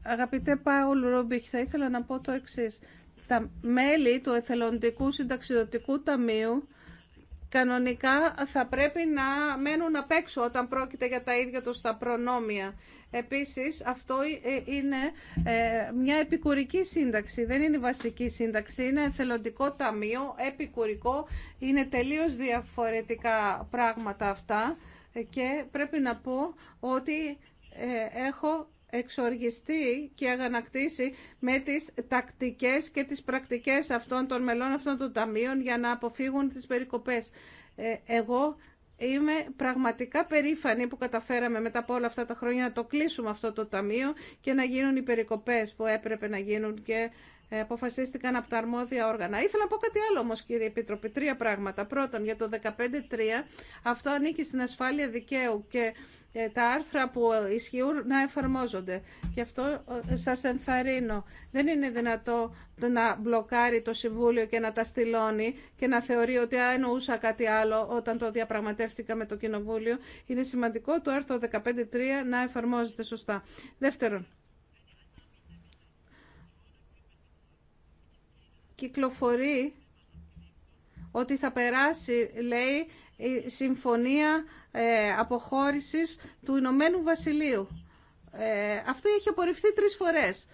Αγαπητέ Πάουλ Ρούμπιχ, θα ήθελα να πω το εξής. Τα μέλη του Εθελοντικού Συνταξιδοτικού Ταμείου κανονικά θα πρέπει να μένουν απ' έξω όταν πρόκειται για τα ίδια τους τα προνόμια. Επίσης, αυτό ε, είναι ε, μια επικουρική σύνταξη, δεν είναι η βασική σύνταξη, είναι εθελοντικό ταμείο, επικουρικό, είναι τελείως διαφορετικά πράγματα αυτά ε, και πρέπει να πω ότι έχω εξοργιστεί και αγανακτήσει με τις τακτικές και τις πρακτικές αυτών των μελών αυτών των ταμείων για να αποφύγουν τις περικοπές. Ε, εγώ είμαι πραγματικά περήφανη που καταφέραμε μετά από όλα αυτά τα χρόνια να το κλείσουμε αυτό το ταμείο και να γίνουν οι περικοπές που έπρεπε να γίνουν και ε, αποφασίστηκαν από τα αρμόδια όργανα. Ήθελα να πω κάτι άλλο όμως κύριε Επίτροπη. τρία πράγματα. Πρώτον, για το 15-3, αυτό ανήκει στην ασφάλεια δικαίου και ε, τα άρθρα που ισχύουν να εφαρμόζονται. Γι' αυτό ε, σας ενθαρρύνω. Δεν είναι δυνατό να μπλοκάρει το Συμβούλιο και να τα στυλώνει και να θεωρεί ότι εννοούσα κάτι άλλο όταν το διαπραγματεύτηκα με το Κοινοβούλιο. Είναι σημαντικό το άρθρο 15.3 να εφαρμόζεται σωστά. Δεύτερον, κυκλοφορεί ότι θα περάσει, λέει, η συμφωνία ε, αποχώρησης του Ηνωμένου Βασιλείου. Ε, αυτό έχει απορριφθεί τρεις φορές.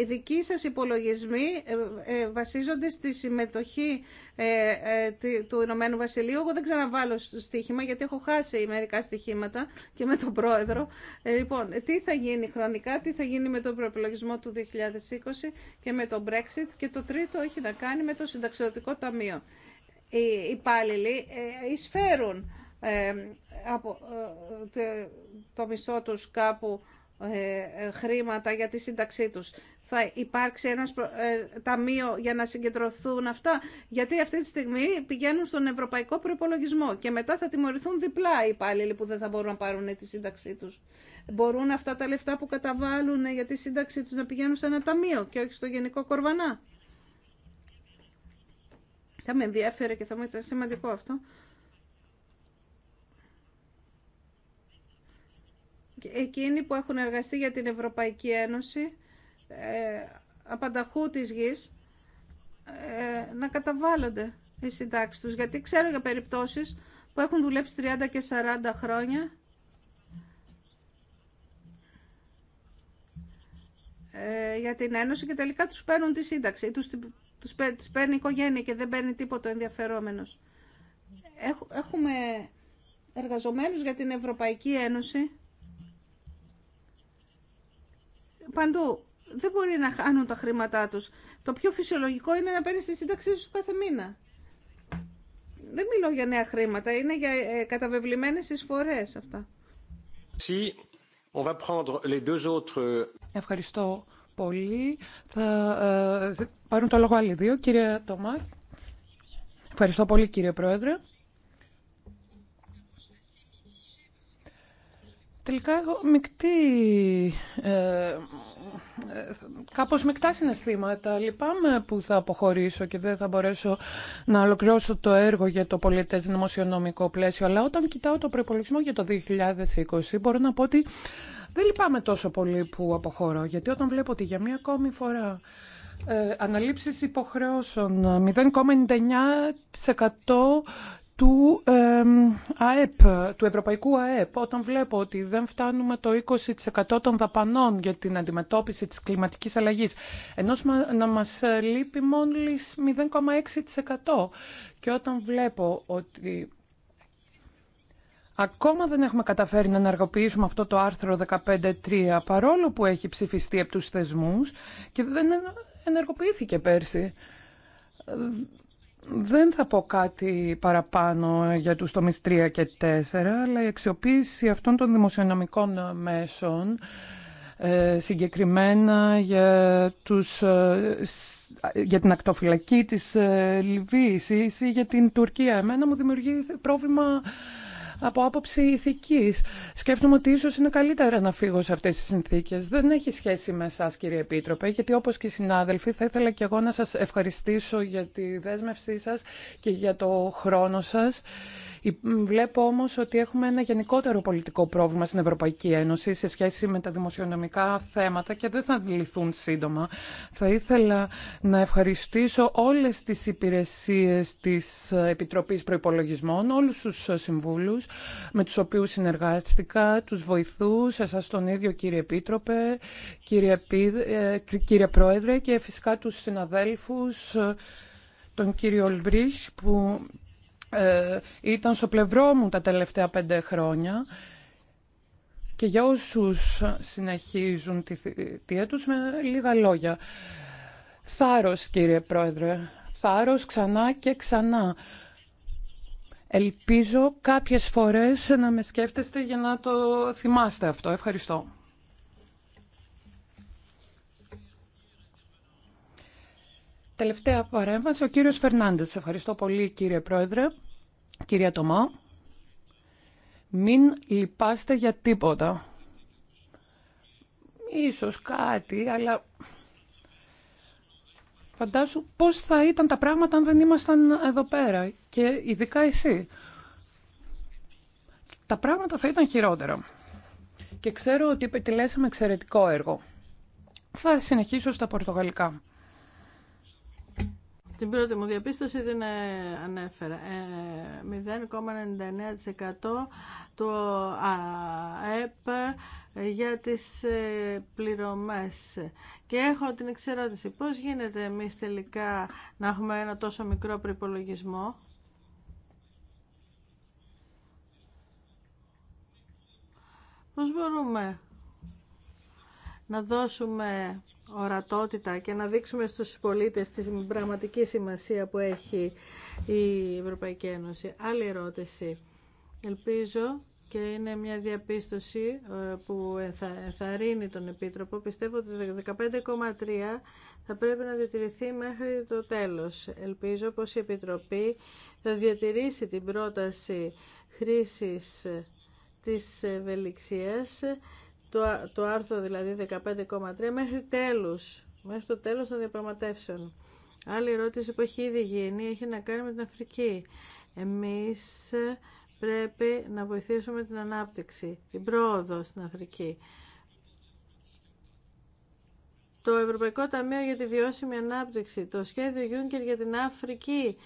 Οι δικοί σας υπολογισμοί ε, βασίζονται στη συμμετοχή του Ηνωμένου Βασιλείου. Εγώ δεν ξαναβάλω στο στοίχημα γιατί έχω χάσει μερικά στοιχήματα και με τον πρόεδρο. Λοιπόν, τι θα γίνει χρονικά, τι θα γίνει με τον προπολογισμό του 2020 και με τον Brexit και το τρίτο έχει να κάνει με το συνταξιδοτικό ταμείο οι υπάλληλοι ε, εισφέρουν ε, από ε, το μισό τους κάπου χρήματα για τη σύνταξή τους. Θα υπάρξει ένας ταμείο για να συγκεντρωθούν αυτά, γιατί αυτή τη στιγμή πηγαίνουν στον ευρωπαϊκό προϋπολογισμό και μετά θα τιμωρηθούν διπλά οι υπάλληλοι που δεν θα μπορούν να πάρουν τη σύνταξή τους. Μπορούν αυτά τα λεφτά που καταβάλουν για τη σύνταξή τους να πηγαίνουν σε ένα ταμείο και όχι στο γενικό κορβανά. Θα με ενδιαφέρε και θα μου ήταν σημαντικό αυτό. Εκείνοι που έχουν εργαστεί για την Ευρωπαϊκή Ένωση, ε, απανταχού της γης, ε, να καταβάλλονται οι συντάξει τους. Γιατί ξέρω για περιπτώσεις που έχουν δουλέψει 30 και 40 χρόνια ε, για την Ένωση και τελικά τους παίρνουν τη σύνταξη τους, τους παίρνει οικογένεια και δεν παίρνει τίποτα ενδιαφερόμενος. Έχουμε εργαζομένους για την Ευρωπαϊκή Ένωση παντού. Δεν μπορεί να χάνουν τα χρήματά τους. Το πιο φυσιολογικό είναι να παίρνει τη σύνταξή σου κάθε μήνα. Δεν μιλώ για νέα χρήματα, είναι για ε, καταβεβλημένες εισφορές αυτά. Ευχαριστώ πολύ. Θα ε, πάρουν το λόγο άλλοι δύο. Κύριε Τομά. Ευχαριστώ πολύ κύριε Πρόεδρε. Τελικά έχω μεικτή, ε, ε, κάπως μεικτά συναισθήματα. Λυπάμαι που θα αποχωρήσω και δεν θα μπορέσω να ολοκληρώσω το έργο για το πολιτές δημοσιονομικό πλαίσιο. Αλλά όταν κοιτάω το προπολογισμό για το 2020 μπορώ να πω ότι δεν λυπάμαι τόσο πολύ που αποχωρώ, γιατί όταν βλέπω ότι για μία ακόμη φορά ε, αναλήψεις υποχρεώσεων 0,99% ε, του, ε, ΑΕΠ, του Ευρωπαϊκού ΑΕΠ, όταν βλέπω ότι δεν φτάνουμε το 20% των δαπανών για την αντιμετώπιση της κλιματικής αλλαγής, ενώ να μας ε, λείπει μόλις 0,6%. Και όταν βλέπω ότι Ακόμα δεν έχουμε καταφέρει να ενεργοποιήσουμε αυτό το άρθρο 15.3 παρόλο που έχει ψηφιστεί από τους θεσμούς και δεν ενεργοποιήθηκε πέρσι. Δεν θα πω κάτι παραπάνω για τους τομείς 3 και 4, αλλά η αξιοποίηση αυτών των δημοσιονομικών μέσων ε, συγκεκριμένα για, τους, ε, για την ακτοφυλακή της ε, Λιβύης ή για την Τουρκία. Εμένα μου δημιουργεί πρόβλημα από άποψη ηθικής. Σκέφτομαι ότι ίσως είναι καλύτερα να φύγω σε αυτές τις συνθήκες. Δεν έχει σχέση με εσά, κύριε Επίτροπε, γιατί όπως και οι συνάδελφοι θα ήθελα και εγώ να σας ευχαριστήσω για τη δέσμευσή σας και για το χρόνο σας. Βλέπω όμω ότι έχουμε ένα γενικότερο πολιτικό πρόβλημα στην Ευρωπαϊκή Ένωση σε σχέση με τα δημοσιονομικά θέματα και δεν θα λυθούν σύντομα. Θα ήθελα να ευχαριστήσω όλε τις υπηρεσίες της Επιτροπής Προϋπολογισμών, όλους τους συμβούλου, με τους οποίους συνεργάστηκα, τους βοηθούς, εσάς τον ίδιο κύριε Επίτροπε, κύριε, ε, κύριε Πρόεδρε και φυσικά τους συναδέλφους ε, τον κύριο Ολμπρίχ που ε, ήταν στο πλευρό μου τα τελευταία πέντε χρόνια και για όσους συνεχίζουν τη θητεία τους με λίγα λόγια. Θάρρος κύριε Πρόεδρε, θάρρος ξανά και ξανά. Ελπίζω κάποιες φορές να με σκέφτεστε για να το θυμάστε αυτό. Ευχαριστώ. Τελευταία παρέμβαση, ο κύριος Φερνάντες. Ευχαριστώ πολύ κύριε Πρόεδρε, κυρία Τωμά. Μην λυπάστε για τίποτα. Ίσως κάτι, αλλά φαντάσου πώς θα ήταν τα πράγματα αν δεν ήμασταν εδώ πέρα και ειδικά εσύ. Τα πράγματα θα ήταν χειρότερα. Και ξέρω ότι επιτελέσαμε εξαιρετικό έργο. Θα συνεχίσω στα πορτογαλικά. Την πρώτη μου διαπίστωση την ε, ανέφερα. 0,99% ε, το ΑΕΠ για τις ε, πληρωμές. Και έχω την εξερώτηση, πώς γίνεται εμείς τελικά να έχουμε ένα τόσο μικρό προϋπολογισμό. Πώς μπορούμε να δώσουμε ορατότητα και να δείξουμε στους πολίτες τη πραγματική σημασία που έχει η Ευρωπαϊκή Ένωση. Άλλη ερώτηση. Ελπίζω και είναι μια διαπίστωση ε, που θα ενθαρρύνει τον Επίτροπο. Πιστεύω ότι το 15,3 θα πρέπει να διατηρηθεί μέχρι το τέλος. Ελπίζω πως η Επιτροπή θα διατηρήσει την πρόταση χρήσης ε, της ευελιξίας το, το άρθρο δηλαδή 15,3 μέχρι τέλους, μέχρι το τέλος των διαπραγματεύσεων. Άλλη ερώτηση που έχει ήδη γίνει έχει να κάνει με την Αφρική. Εμείς πρέπει να βοηθήσουμε την ανάπτυξη, την πρόοδο στην Αφρική. Το Ευρωπαϊκό Ταμείο για τη Βιώσιμη Ανάπτυξη, το σχέδιο Juncker για την Αφρική,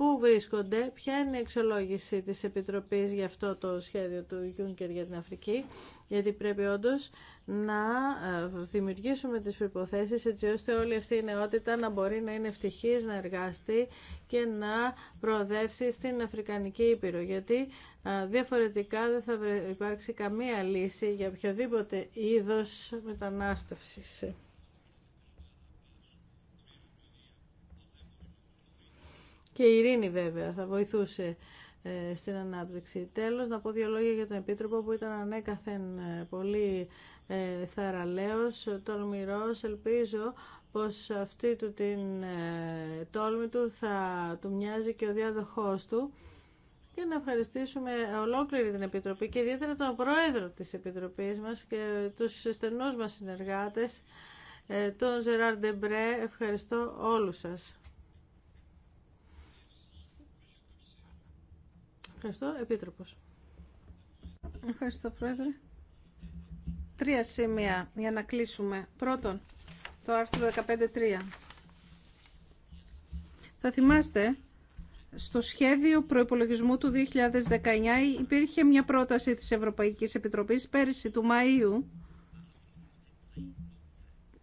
Πού βρίσκονται, ποια είναι η εξολόγηση της Επιτροπής για αυτό το σχέδιο του Juncker για την Αφρική, γιατί πρέπει όντω να ε, δημιουργήσουμε τις προϋποθέσεις έτσι ώστε όλη αυτή η νεότητα να μπορεί να είναι ευτυχής, να εργαστεί και να προοδεύσει στην Αφρικανική Ήπειρο, γιατί ε, διαφορετικά δεν θα υπάρξει καμία λύση για οποιοδήποτε είδος μετανάστευσης. και η ειρήνη βέβαια θα βοηθούσε ε, στην ανάπτυξη. Τέλος, να πω δύο λόγια για τον Επίτροπο που ήταν ανέκαθεν ε, πολύ ε, θαραλέος, τολμηρός. Ελπίζω πως αυτή του την ε, τόλμη του θα του μοιάζει και ο διάδοχός του και να ευχαριστήσουμε ολόκληρη την Επιτροπή και ιδιαίτερα τον Πρόεδρο της Επιτροπής μας και τους στενούς μας συνεργάτες, ε, τον Ζεράρ Ντεμπρέ. Ευχαριστώ όλους σας. Ευχαριστώ. Επίτροπος. Ευχαριστώ, Πρόεδρε. Τρία σημεία για να κλείσουμε. Πρώτον, το άρθρο 15.3. Θα θυμάστε, στο σχέδιο προϋπολογισμού του 2019 υπήρχε μια πρόταση της Ευρωπαϊκής Επιτροπής πέρυσι του Μαΐου.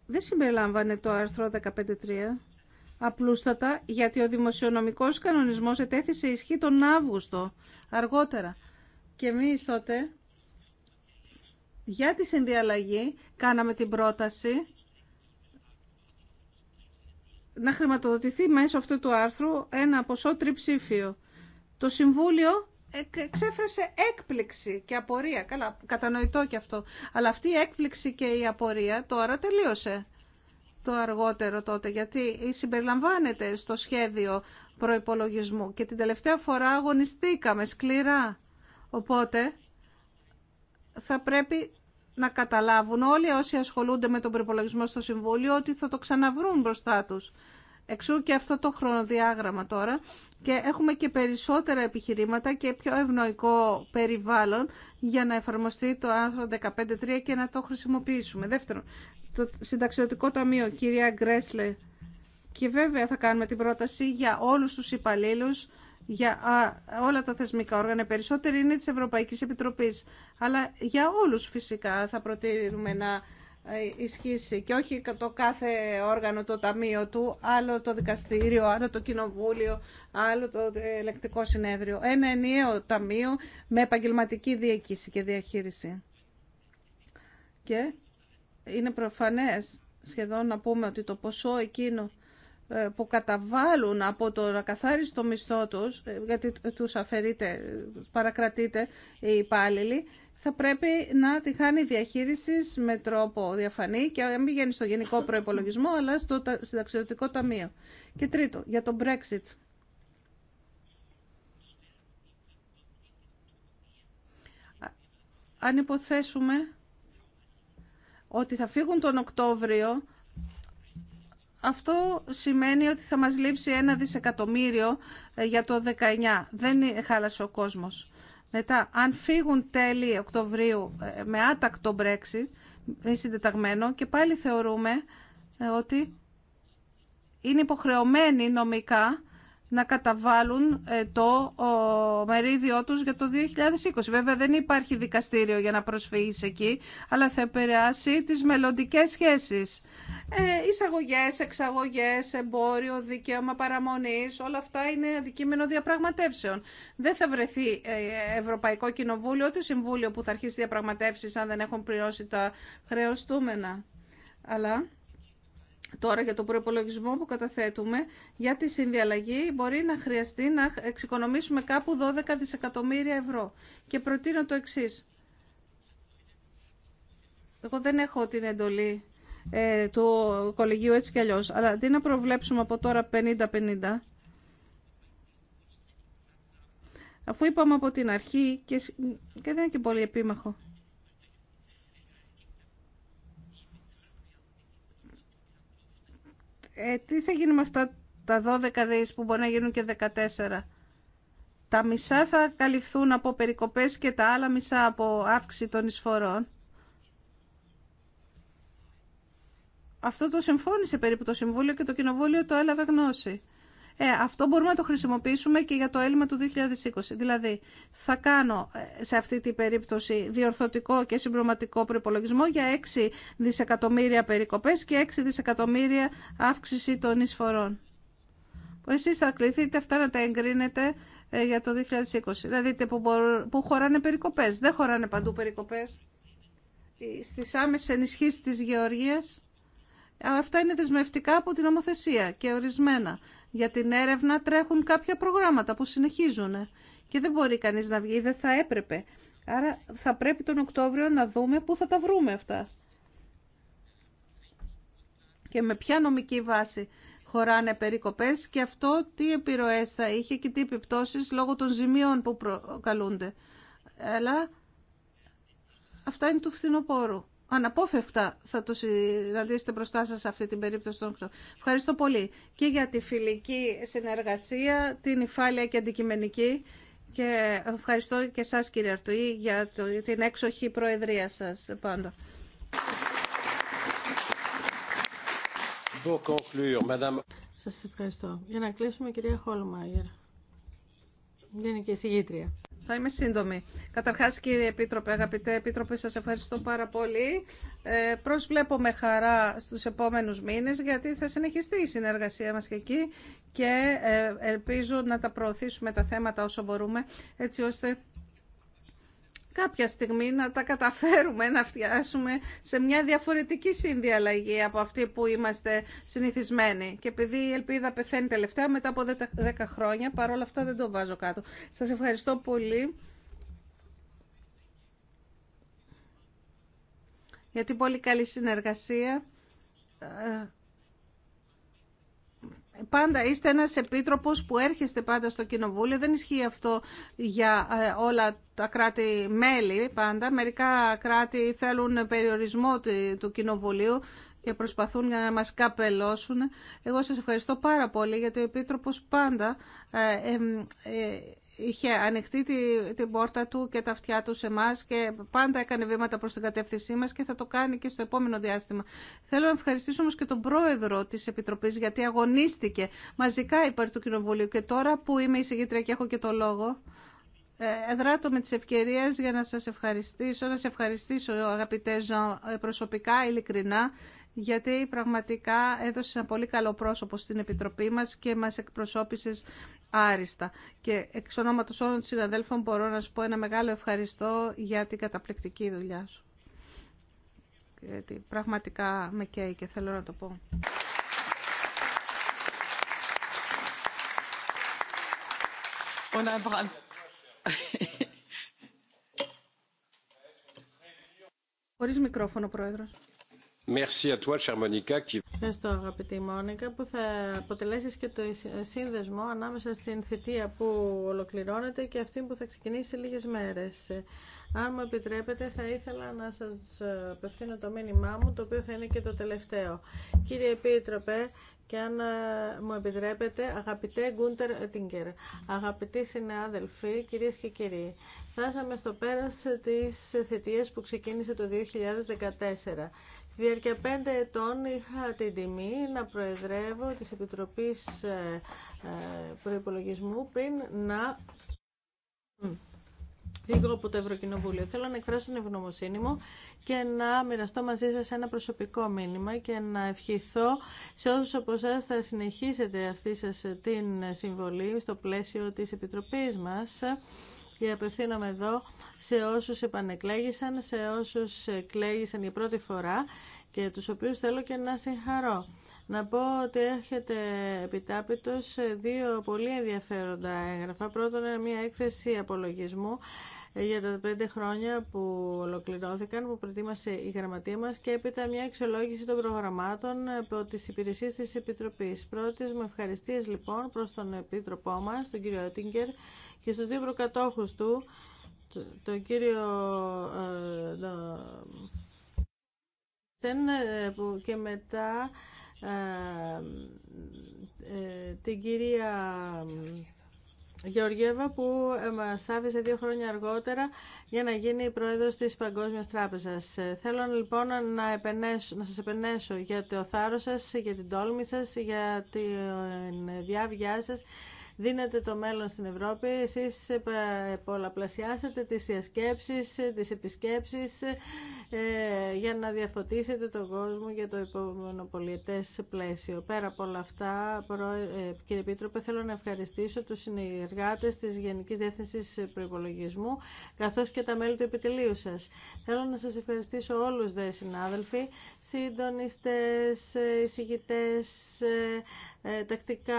Δεν συμπεριλάμβανε το άρθρο 15.3 απλούστατα γιατί ο δημοσιονομικός κανονισμός ετέθησε ισχύ τον Αύγουστο αργότερα. Και εμείς τότε για τη συνδιαλλαγή κάναμε την πρόταση να χρηματοδοτηθεί μέσω αυτού του άρθρου ένα ποσό τριψήφιο. Το Συμβούλιο εξέφρασε έκπληξη και απορία. Καλά, κατανοητό και αυτό. Αλλά αυτή η έκπληξη και η απορία τώρα τελείωσε το αργότερο τότε, γιατί συμπεριλαμβάνεται στο σχέδιο προϋπολογισμού και την τελευταία φορά αγωνιστήκαμε σκληρά. Οπότε θα πρέπει να καταλάβουν όλοι όσοι ασχολούνται με τον προπολογισμό στο Συμβούλιο ότι θα το ξαναβρούν μπροστά τους. Εξού και αυτό το χρονοδιάγραμμα τώρα και έχουμε και περισσότερα επιχειρήματα και πιο ευνοϊκό περιβάλλον για να εφαρμοστεί το άρθρο 15.3 και να το χρησιμοποιήσουμε. Δεύτερον, το Συνταξιωτικό Ταμείο, κυρία Γκρέσλε. Και βέβαια θα κάνουμε την πρόταση για όλους τους υπαλλήλους, για όλα τα θεσμικά όργανα. Περισσότεροι είναι της Ευρωπαϊκής Επιτροπής. Αλλά για όλους φυσικά θα προτείνουμε να ε, ισχύσει και όχι το κάθε όργανο το ταμείο του, άλλο το δικαστήριο, άλλο το κοινοβούλιο, άλλο το ελεκτικό συνέδριο. Ένα ενιαίο ταμείο με επαγγελματική διοίκηση και διαχείριση. Και είναι προφανές σχεδόν να πούμε ότι το ποσό εκείνο ε, που καταβάλουν από το ακαθάριστο μισθό τους, ε, γιατί τους αφαιρείται, παρακρατείται οι υπάλληλοι, θα πρέπει να τη χάνει διαχείριση με τρόπο διαφανή και να μην γίνει στο γενικό προπολογισμό, αλλά στο συνταξιδοτικό ταμείο. Και τρίτο, για το Brexit. Αν υποθέσουμε ότι θα φύγουν τον Οκτώβριο, αυτό σημαίνει ότι θα μας λείψει ένα δισεκατομμύριο ε, για το 19. Δεν χάλασε ο κόσμος. Μετά, αν φύγουν τέλη Οκτωβρίου ε, με άτακτο Brexit, μη συντεταγμένο, και πάλι θεωρούμε ε, ότι είναι υποχρεωμένοι νομικά να καταβάλουν ε, το μερίδιό τους για το 2020. Βέβαια δεν υπάρχει δικαστήριο για να προσφύγεις εκεί, αλλά θα επηρεάσει τις μελλοντικές σχέσεις. Ε, εισαγωγές, εξαγωγές, εμπόριο, δικαίωμα παραμονής, όλα αυτά είναι αντικείμενο διαπραγματεύσεων. Δεν θα βρεθεί ε, Ευρωπαϊκό Κοινοβούλιο, ούτε Συμβούλιο που θα αρχίσει διαπραγματεύσεις αν δεν έχουν πληρώσει τα χρεωστούμενα. Αλλά Τώρα για τον προπολογισμό που καταθέτουμε για τη συνδιαλλαγή μπορεί να χρειαστεί να εξοικονομήσουμε κάπου 12 δισεκατομμύρια ευρώ. Και προτείνω το εξή. Εγώ δεν έχω την εντολή ε, του κολεγίου έτσι κι αλλιώς, αλλά αντί να προβλέψουμε από τώρα 50-50, αφού είπαμε από την αρχή και, και δεν είναι και πολύ επίμαχο. Ε, τι θα γίνει με αυτά τα 12 δις που μπορεί να γίνουν και 14. Τα μισά θα καλυφθούν από περικοπές και τα άλλα μισά από αύξηση των εισφορών. Αυτό το συμφώνησε περίπου το Συμβούλιο και το Κοινοβούλιο το έλαβε γνώση. Ε, αυτό μπορούμε να το χρησιμοποιήσουμε και για το έλλειμμα του 2020. Δηλαδή, θα κάνω ε, σε αυτή την περίπτωση διορθωτικό και συμπληρωματικό προπολογισμό για 6 δισεκατομμύρια περικοπές και 6 δισεκατομμύρια αύξηση των εισφορών. Εσεί θα κληθείτε αυτά να τα εγκρίνετε ε, για το 2020. Δηλαδή, που, που χωράνε περικοπές. Δεν χωράνε παντού περικοπές. Ε, στις άμεσες ενισχύσεις της Γεωργίας Αυτά είναι δεσμευτικά από την νομοθεσία και ορισμένα. Για την έρευνα τρέχουν κάποια προγράμματα που συνεχίζουν και δεν μπορεί κανείς να βγει, δεν θα έπρεπε. Άρα θα πρέπει τον Οκτώβριο να δούμε πού θα τα βρούμε αυτά. Και με ποια νομική βάση χωράνε περικοπές και αυτό τι επιρροές θα είχε και τι επιπτώσεις λόγω των ζημιών που προκαλούνται. Αλλά αυτά είναι του φθινοπόρου αναπόφευκτα θα το συναντήσετε μπροστά σας σε αυτή την περίπτωση των χρόνων. Ευχαριστώ πολύ και για τη φιλική συνεργασία, την υφάλεια και αντικειμενική και ευχαριστώ και σας κύριε Αρτουή για την έξοχη προεδρία σας πάντα. Σας ευχαριστώ. Για να κλείσουμε κυρία Χόλμαγερ. Είναι και θα είμαι σύντομη. Καταρχάς, κύριε Επίτροπε, αγαπητέ Επίτροπε, σας ευχαριστώ πάρα πολύ. Ε, προσβλέπω με χαρά στους επόμενους μήνες, γιατί θα συνεχιστεί η συνεργασία μας και εκεί και ε, ελπίζω να τα προωθήσουμε τα θέματα όσο μπορούμε, έτσι ώστε κάποια στιγμή να τα καταφέρουμε να φτιάσουμε σε μια διαφορετική συνδιαλλαγή από αυτή που είμαστε συνηθισμένοι. Και επειδή η ελπίδα πεθαίνει τελευταία μετά από 10 χρόνια, παρόλα αυτά δεν το βάζω κάτω. Σας ευχαριστώ πολύ. για την πολύ καλή συνεργασία ε, πάντα είστε ένας επίτροπος που έρχεστε πάντα στο Κοινοβούλιο. Δεν ισχύει αυτό για ε, όλα τα κράτη-μέλη πάντα. Μερικά κράτη θέλουν περιορισμό του Κοινοβουλίου και προσπαθούν για να μας καπελώσουν. Εγώ σας ευχαριστώ πάρα πολύ γιατί ο Επίτροπος πάντα ε, ε, είχε ανοιχτεί την πόρτα του και τα αυτιά του σε εμά και πάντα έκανε βήματα προς την κατεύθυνσή μας και θα το κάνει και στο επόμενο διάστημα. Θέλω να ευχαριστήσω όμως και τον πρόεδρο της Επιτροπής γιατί αγωνίστηκε μαζικά υπέρ του Κοινοβουλίου και τώρα που είμαι εισηγήτρια και έχω και το λόγο. Ε, εδράτω με τις ευκαιρίες για να σας ευχαριστήσω, να σε ευχαριστήσω αγαπητέ ε, προσωπικά, ειλικρινά, γιατί πραγματικά έδωσε ένα πολύ καλό πρόσωπο στην Επιτροπή μας και μας εκπροσώπησες άριστα. Και εξ ονόματο όλων των συναδέλφων μπορώ να σου πω ένα μεγάλο ευχαριστώ για την καταπληκτική δουλειά σου. Γιατί πραγματικά με καίει και θέλω να το πω. Χωρίς μικρόφωνο, Πρόεδρος. Merci à toi, chère Monica, qui... Ευχαριστώ αγαπητή Μόνικα που θα αποτελέσεις και το σύνδεσμο ανάμεσα στην θητεία που ολοκληρώνεται και αυτή που θα ξεκινήσει σε λίγες μέρες. Αν μου επιτρέπετε θα ήθελα να σας απευθύνω το μήνυμά μου το οποίο θα είναι και το τελευταίο. Κύριε Επίτροπε, και αν ε, μου επιτρέπετε, αγαπητέ Γκούντερ Τίνκερ, αγαπητοί συνάδελφοι, κυρίε και κύριοι, φτάσαμε στο πέρας της θητείας που ξεκίνησε το 2014 διάρκεια πέντε ετών είχα την τιμή να προεδρεύω της Επιτροπής ε, ε, Προϋπολογισμού πριν να φύγω από το Ευρωκοινοβούλιο. Θέλω να εκφράσω την ευγνωμοσύνη μου και να μοιραστώ μαζί σας ένα προσωπικό μήνυμα και να ευχηθώ σε όσους από εσά θα συνεχίσετε αυτή σας την συμβολή στο πλαίσιο της Επιτροπής μας και απευθύνομαι εδώ σε όσους επανεκλέγησαν, σε όσους εκλέγησαν για πρώτη φορά και τους οποίους θέλω και να συγχαρώ. Να πω ότι έχετε επιτάπητος δύο πολύ ενδιαφέροντα έγγραφα. Πρώτον, είναι μια έκθεση απολογισμού για τα πέντε χρόνια που ολοκληρώθηκαν, που προετοίμασε η γραμματεία μας και έπειτα μια εξολόγηση των προγραμμάτων από τις υπηρεσίες της Επιτροπής. Πρώτης μου ευχαριστίες λοιπόν προς τον Επίτροπό μας, τον κύριο Ότιγκερ, και στους δύο προκατόχους του, τον κύριο ε, ε, και μετά ε, την κυρία Γεωργέβα, που μας άφησε δύο χρόνια αργότερα για να γίνει πρόεδρος της Παγκόσμιας Τράπεζας. Θέλω λοιπόν να, επενέσω, να σας επενέσω για το θάρρος σας, για την τόλμη σας, για την διάβγειά σας δίνετε το μέλλον στην Ευρώπη. Εσείς ε, πολλαπλασιάσατε τις σκέψεις, τις επισκέψεις ε, για να διαφωτίσετε τον κόσμο για το επόμενο πολιετές πλαίσιο. Πέρα από όλα αυτά, ε, κύριε Επίτροπε, θέλω να ευχαριστήσω τους συνεργάτες της Γενικής Διεύθυνσης Προϋπολογισμού, καθώς και τα μέλη του επιτελείου σας. Θέλω να σας ευχαριστήσω όλους, δε συνάδελφοι, συντονιστές, εισηγητές, ε, τακτικά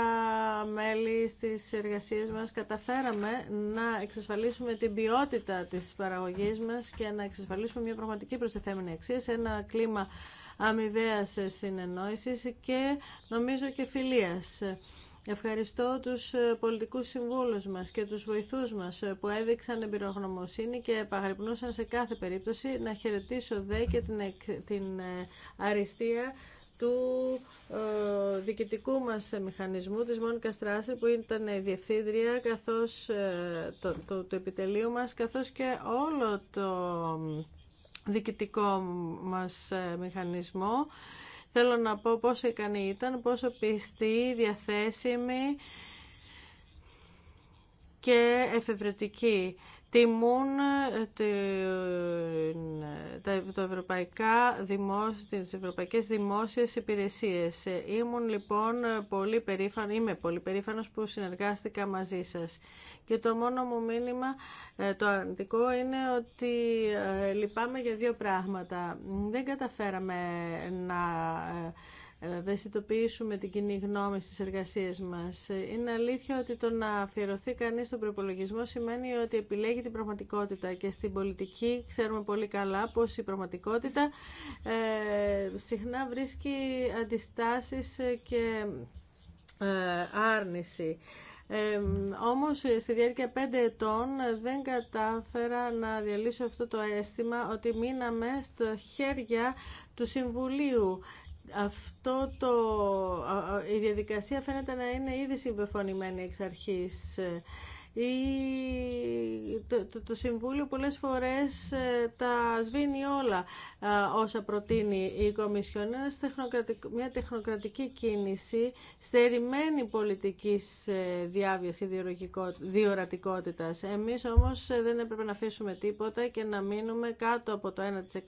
μέλη στις εργασίες μας καταφέραμε να εξασφαλίσουμε την ποιότητα της παραγωγής μας και να εξασφαλίσουμε μια πραγματική προσθεθέμενη αξία σε ένα κλίμα αμοιβαίας συνεννόησης και νομίζω και φιλίας. Ευχαριστώ τους πολιτικούς συμβούλους μας και τους βοηθούς μας που έδειξαν εμπειρογνωμοσύνη και επαγρυπνούσαν σε κάθε περίπτωση να χαιρετήσω δε και την ε, αριστεία του ε, διοικητικού μας μηχανισμού, της Μόνικα Στράσερ, που ήταν η διευθύντρια καθώς, ε, το, το, το επιτελείου μας, καθώς και όλο το διοικητικό μας ε, μηχανισμό. Θέλω να πω πόσο ικανή ήταν, πόσο πιστή, διαθέσιμη και εφευρετική τιμούν ε, τα ευρωπαϊκά δημόσια, τις ευρωπαϊκές δημόσιες υπηρεσίες. Ε, ήμουν λοιπόν πολύ περήφανο, είμαι πολύ περήφανος που συνεργάστηκα μαζί σας. Και το μόνο μου μήνυμα, ε, το αρνητικό, είναι ότι λυπάμαι για δύο πράγματα. Δεν καταφέραμε να ε, ευαισθητοποιήσουμε την κοινή γνώμη στις εργασίες μας. Είναι αλήθεια ότι το να αφιερωθεί κανείς στον προπολογισμό σημαίνει ότι επιλέγει την πραγματικότητα και στην πολιτική ξέρουμε πολύ καλά πως η πραγματικότητα ε, συχνά βρίσκει αντιστάσεις και ε, άρνηση. όμως στη διάρκεια πέντε ετών δεν κατάφερα να διαλύσω αυτό το αίσθημα ότι μείναμε στα χέρια του Συμβουλίου αυτό το, η διαδικασία φαίνεται να είναι ήδη συμπεφωνημένη εξ αρχής. Ε, η, το, το, το, Συμβούλιο πολλές φορές ε, τα σβήνει όλα ε, όσα προτείνει η Κομισιόν. μια τεχνοκρατική κίνηση στερημένη πολιτικής διάβιας και διορατικότητας. Εμείς όμως δεν έπρεπε να αφήσουμε τίποτα και να μείνουμε κάτω από το 1%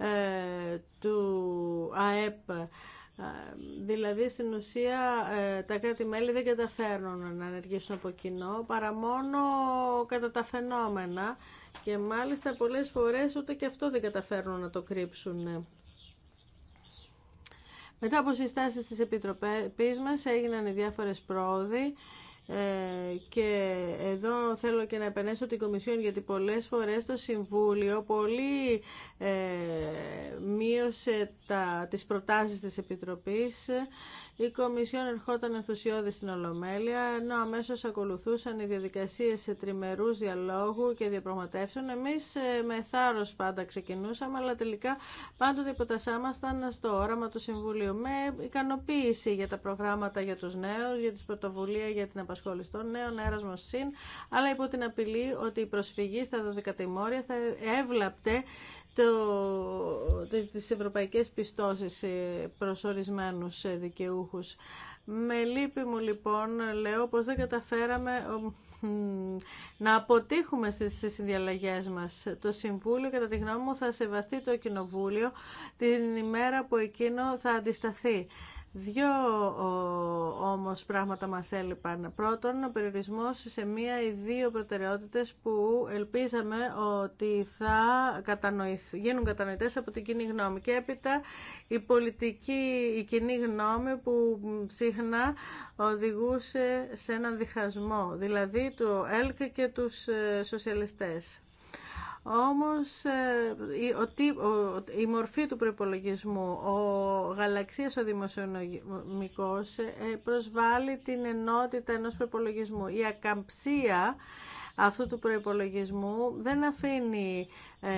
ε, του ΑΕΠ. Ε, δηλαδή, στην ουσία, ε, τα κράτη-μέλη δεν καταφέρνουν να ενεργήσουν από κοινό, παρά μόνο κατά τα φαινόμενα και μάλιστα πολλές φορές ούτε και αυτό δεν καταφέρνουν να το κρύψουν. Μετά από συστάσεις της Επιτροπής μας έγιναν οι διάφορες πρόοδοι ε, και εδώ θέλω και να επενέσω την Κομισιόν γιατί πολλές φορές το Συμβούλιο πολύ ε, μείωσε τα, τις προτάσεις της Επιτροπής η Κομισιόν ερχόταν ενθουσιώδη στην Ολομέλεια, ενώ αμέσω ακολουθούσαν οι διαδικασίε τριμερού διαλόγου και διαπραγματεύσεων. Εμεί ε, με θάρρο πάντα ξεκινούσαμε, αλλά τελικά πάντοτε υποτασσάμασταν στο όραμα του Συμβουλίου. Με ικανοποίηση για τα προγράμματα για του νέου, για τι πρωτοβουλία για την απασχόληση των νέων, έρασμο συν, αλλά υπό την απειλή ότι η προσφυγή στα 12 τιμόρια θα έβλαπτε το, τις, τις ευρωπαϊκές πιστώσεις προς δικαιούχους. Με λύπη μου λοιπόν λέω πως δεν καταφέραμε να αποτύχουμε στις συνδιαλλαγές μας. Το Συμβούλιο κατά τη γνώμη μου θα σεβαστεί το Κοινοβούλιο την ημέρα που εκείνο θα αντισταθεί. Δύο όμως πράγματα μας έλειπαν. Πρώτον, ο περιορισμός σε μία ή δύο προτεραιότητες που ελπίζαμε ότι θα γίνουν κατανοητές από την κοινή γνώμη. Και έπειτα η πολιτική, η κοινή γνώμη που συχνά οδηγούσε σε έναν διχασμό, δηλαδή του ΕΛΚ και τους ε, σοσιαλιστές. Όμως ε, η μορφή του προπολογισμού, ο γαλαξίας ο δημοσιονομικός ε, ε, προσβάλλει την ενότητα ενός προπολογισμού. Η ακαμψία αυτού του προϋπολογισμού δεν αφήνει ε,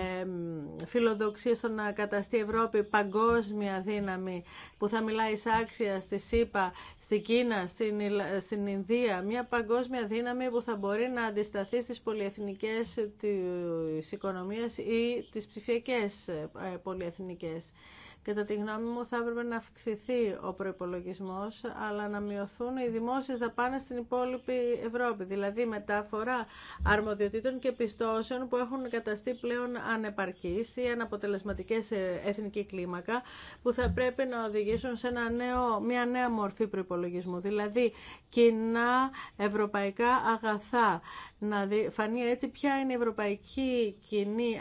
φιλοδοξία στο να καταστεί η Ευρώπη παγκόσμια δύναμη που θα μιλάει άξια στη ΣΥΠΑ, στη Κίνα, στην, στην Ινδία. Μια παγκόσμια δύναμη που θα μπορεί να αντισταθεί στις πολυεθνικές της οικονομίας ή τις ψηφιακές ε, πολυεθνικές. Κατά τη γνώμη μου θα έπρεπε να αυξηθεί ο προϋπολογισμός, αλλά να μειωθούν οι δημόσιες δαπάνε στην υπόλοιπη Ευρώπη. Δηλαδή μεταφορά αρμοδιοτήτων και πιστώσεων που έχουν καταστεί πλέον ανεπαρκείς ή αναποτελεσματικές σε εθνική κλίμακα, που θα πρέπει να οδηγήσουν σε ένα νέο, μια νέα μορφή προπολογισμού. Δηλαδή κοινά ευρωπαϊκά αγαθά. Να φανεί έτσι ποια είναι η ευρωπαϊκή κοινή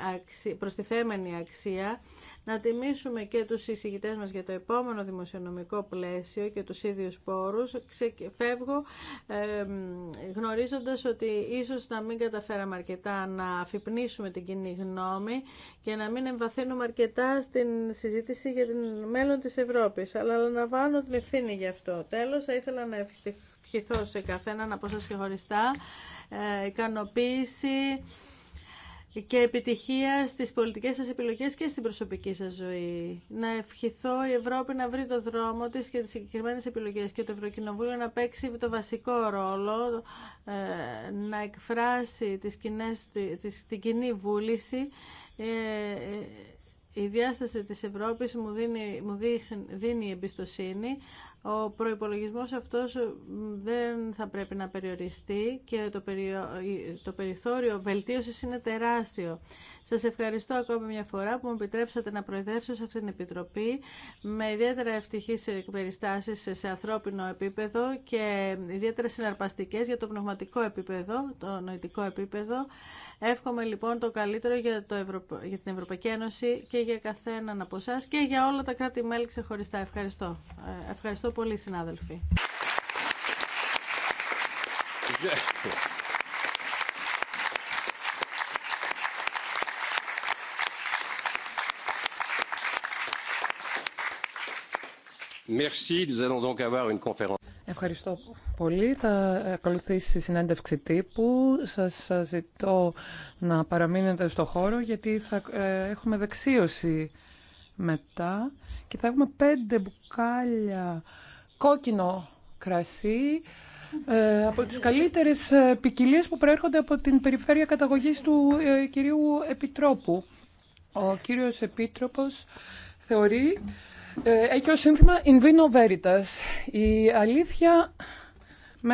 προστιθέμενη αξία, να τιμήσουμε και τους συζητητές μας για το επόμενο δημοσιονομικό πλαίσιο και τους ίδιους πόρους. Φεύγω ε, γνωρίζοντας ότι ίσως να μην καταφέραμε αρκετά να αφυπνίσουμε την κοινή γνώμη και να μην εμβαθύνουμε αρκετά στην συζήτηση για την μέλλον της Ευρώπης. Αλλά να βάλω την ευθύνη γι' αυτό. Τέλος, θα ήθελα να ευχηθώ σε καθέναν από σας χωριστά ε, ικανοποίηση και επιτυχία στις πολιτικές σας επιλογές και στην προσωπική σας ζωή. Να ευχηθώ η Ευρώπη να βρει το δρόμο της και τις συγκεκριμένες επιλογές και το Ευρωκοινοβούλιο να παίξει το βασικό ρόλο, ε, να εκφράσει τις την κοινή βούληση. Ε, ε, η διάσταση της Ευρώπης μου δίνει, μου δίνει εμπιστοσύνη, ο προϋπολογισμός αυτός δεν θα πρέπει να περιοριστεί και το, το περιθώριο βελτίωσης είναι τεράστιο. Σας ευχαριστώ ακόμη μια φορά που μου επιτρέψατε να προεδρεύσω σε αυτήν την Επιτροπή με ιδιαίτερα ευτυχείς περιστάσει σε ανθρώπινο επίπεδο και ιδιαίτερα συναρπαστικέ για το πνευματικό επίπεδο, το νοητικό επίπεδο. Εύχομαι λοιπόν το καλύτερο για, το για την Ευρωπαϊκή Ένωση και για καθέναν από εσά και για όλα τα κράτη-μέλη ξεχωριστά. Ευχαριστώ. Ε, ευχαριστώ πολύ συνάδελφοι. Ευχαριστώ πολύ. Θα ακολουθήσει η συνέντευξη τύπου. Σα ζητώ να παραμείνετε στο χώρο γιατί θα ε, έχουμε δεξίωση μετά και θα έχουμε πέντε μπουκάλια κόκκινο κρασί ε, από τις καλύτερες ποικιλίε που προέρχονται από την περιφέρεια καταγωγής του ε, κυρίου Επιτρόπου. Ο κύριος Επίτροπος θεωρεί ε, έχει ως σύνθημα «In vino veritas». Η αλήθεια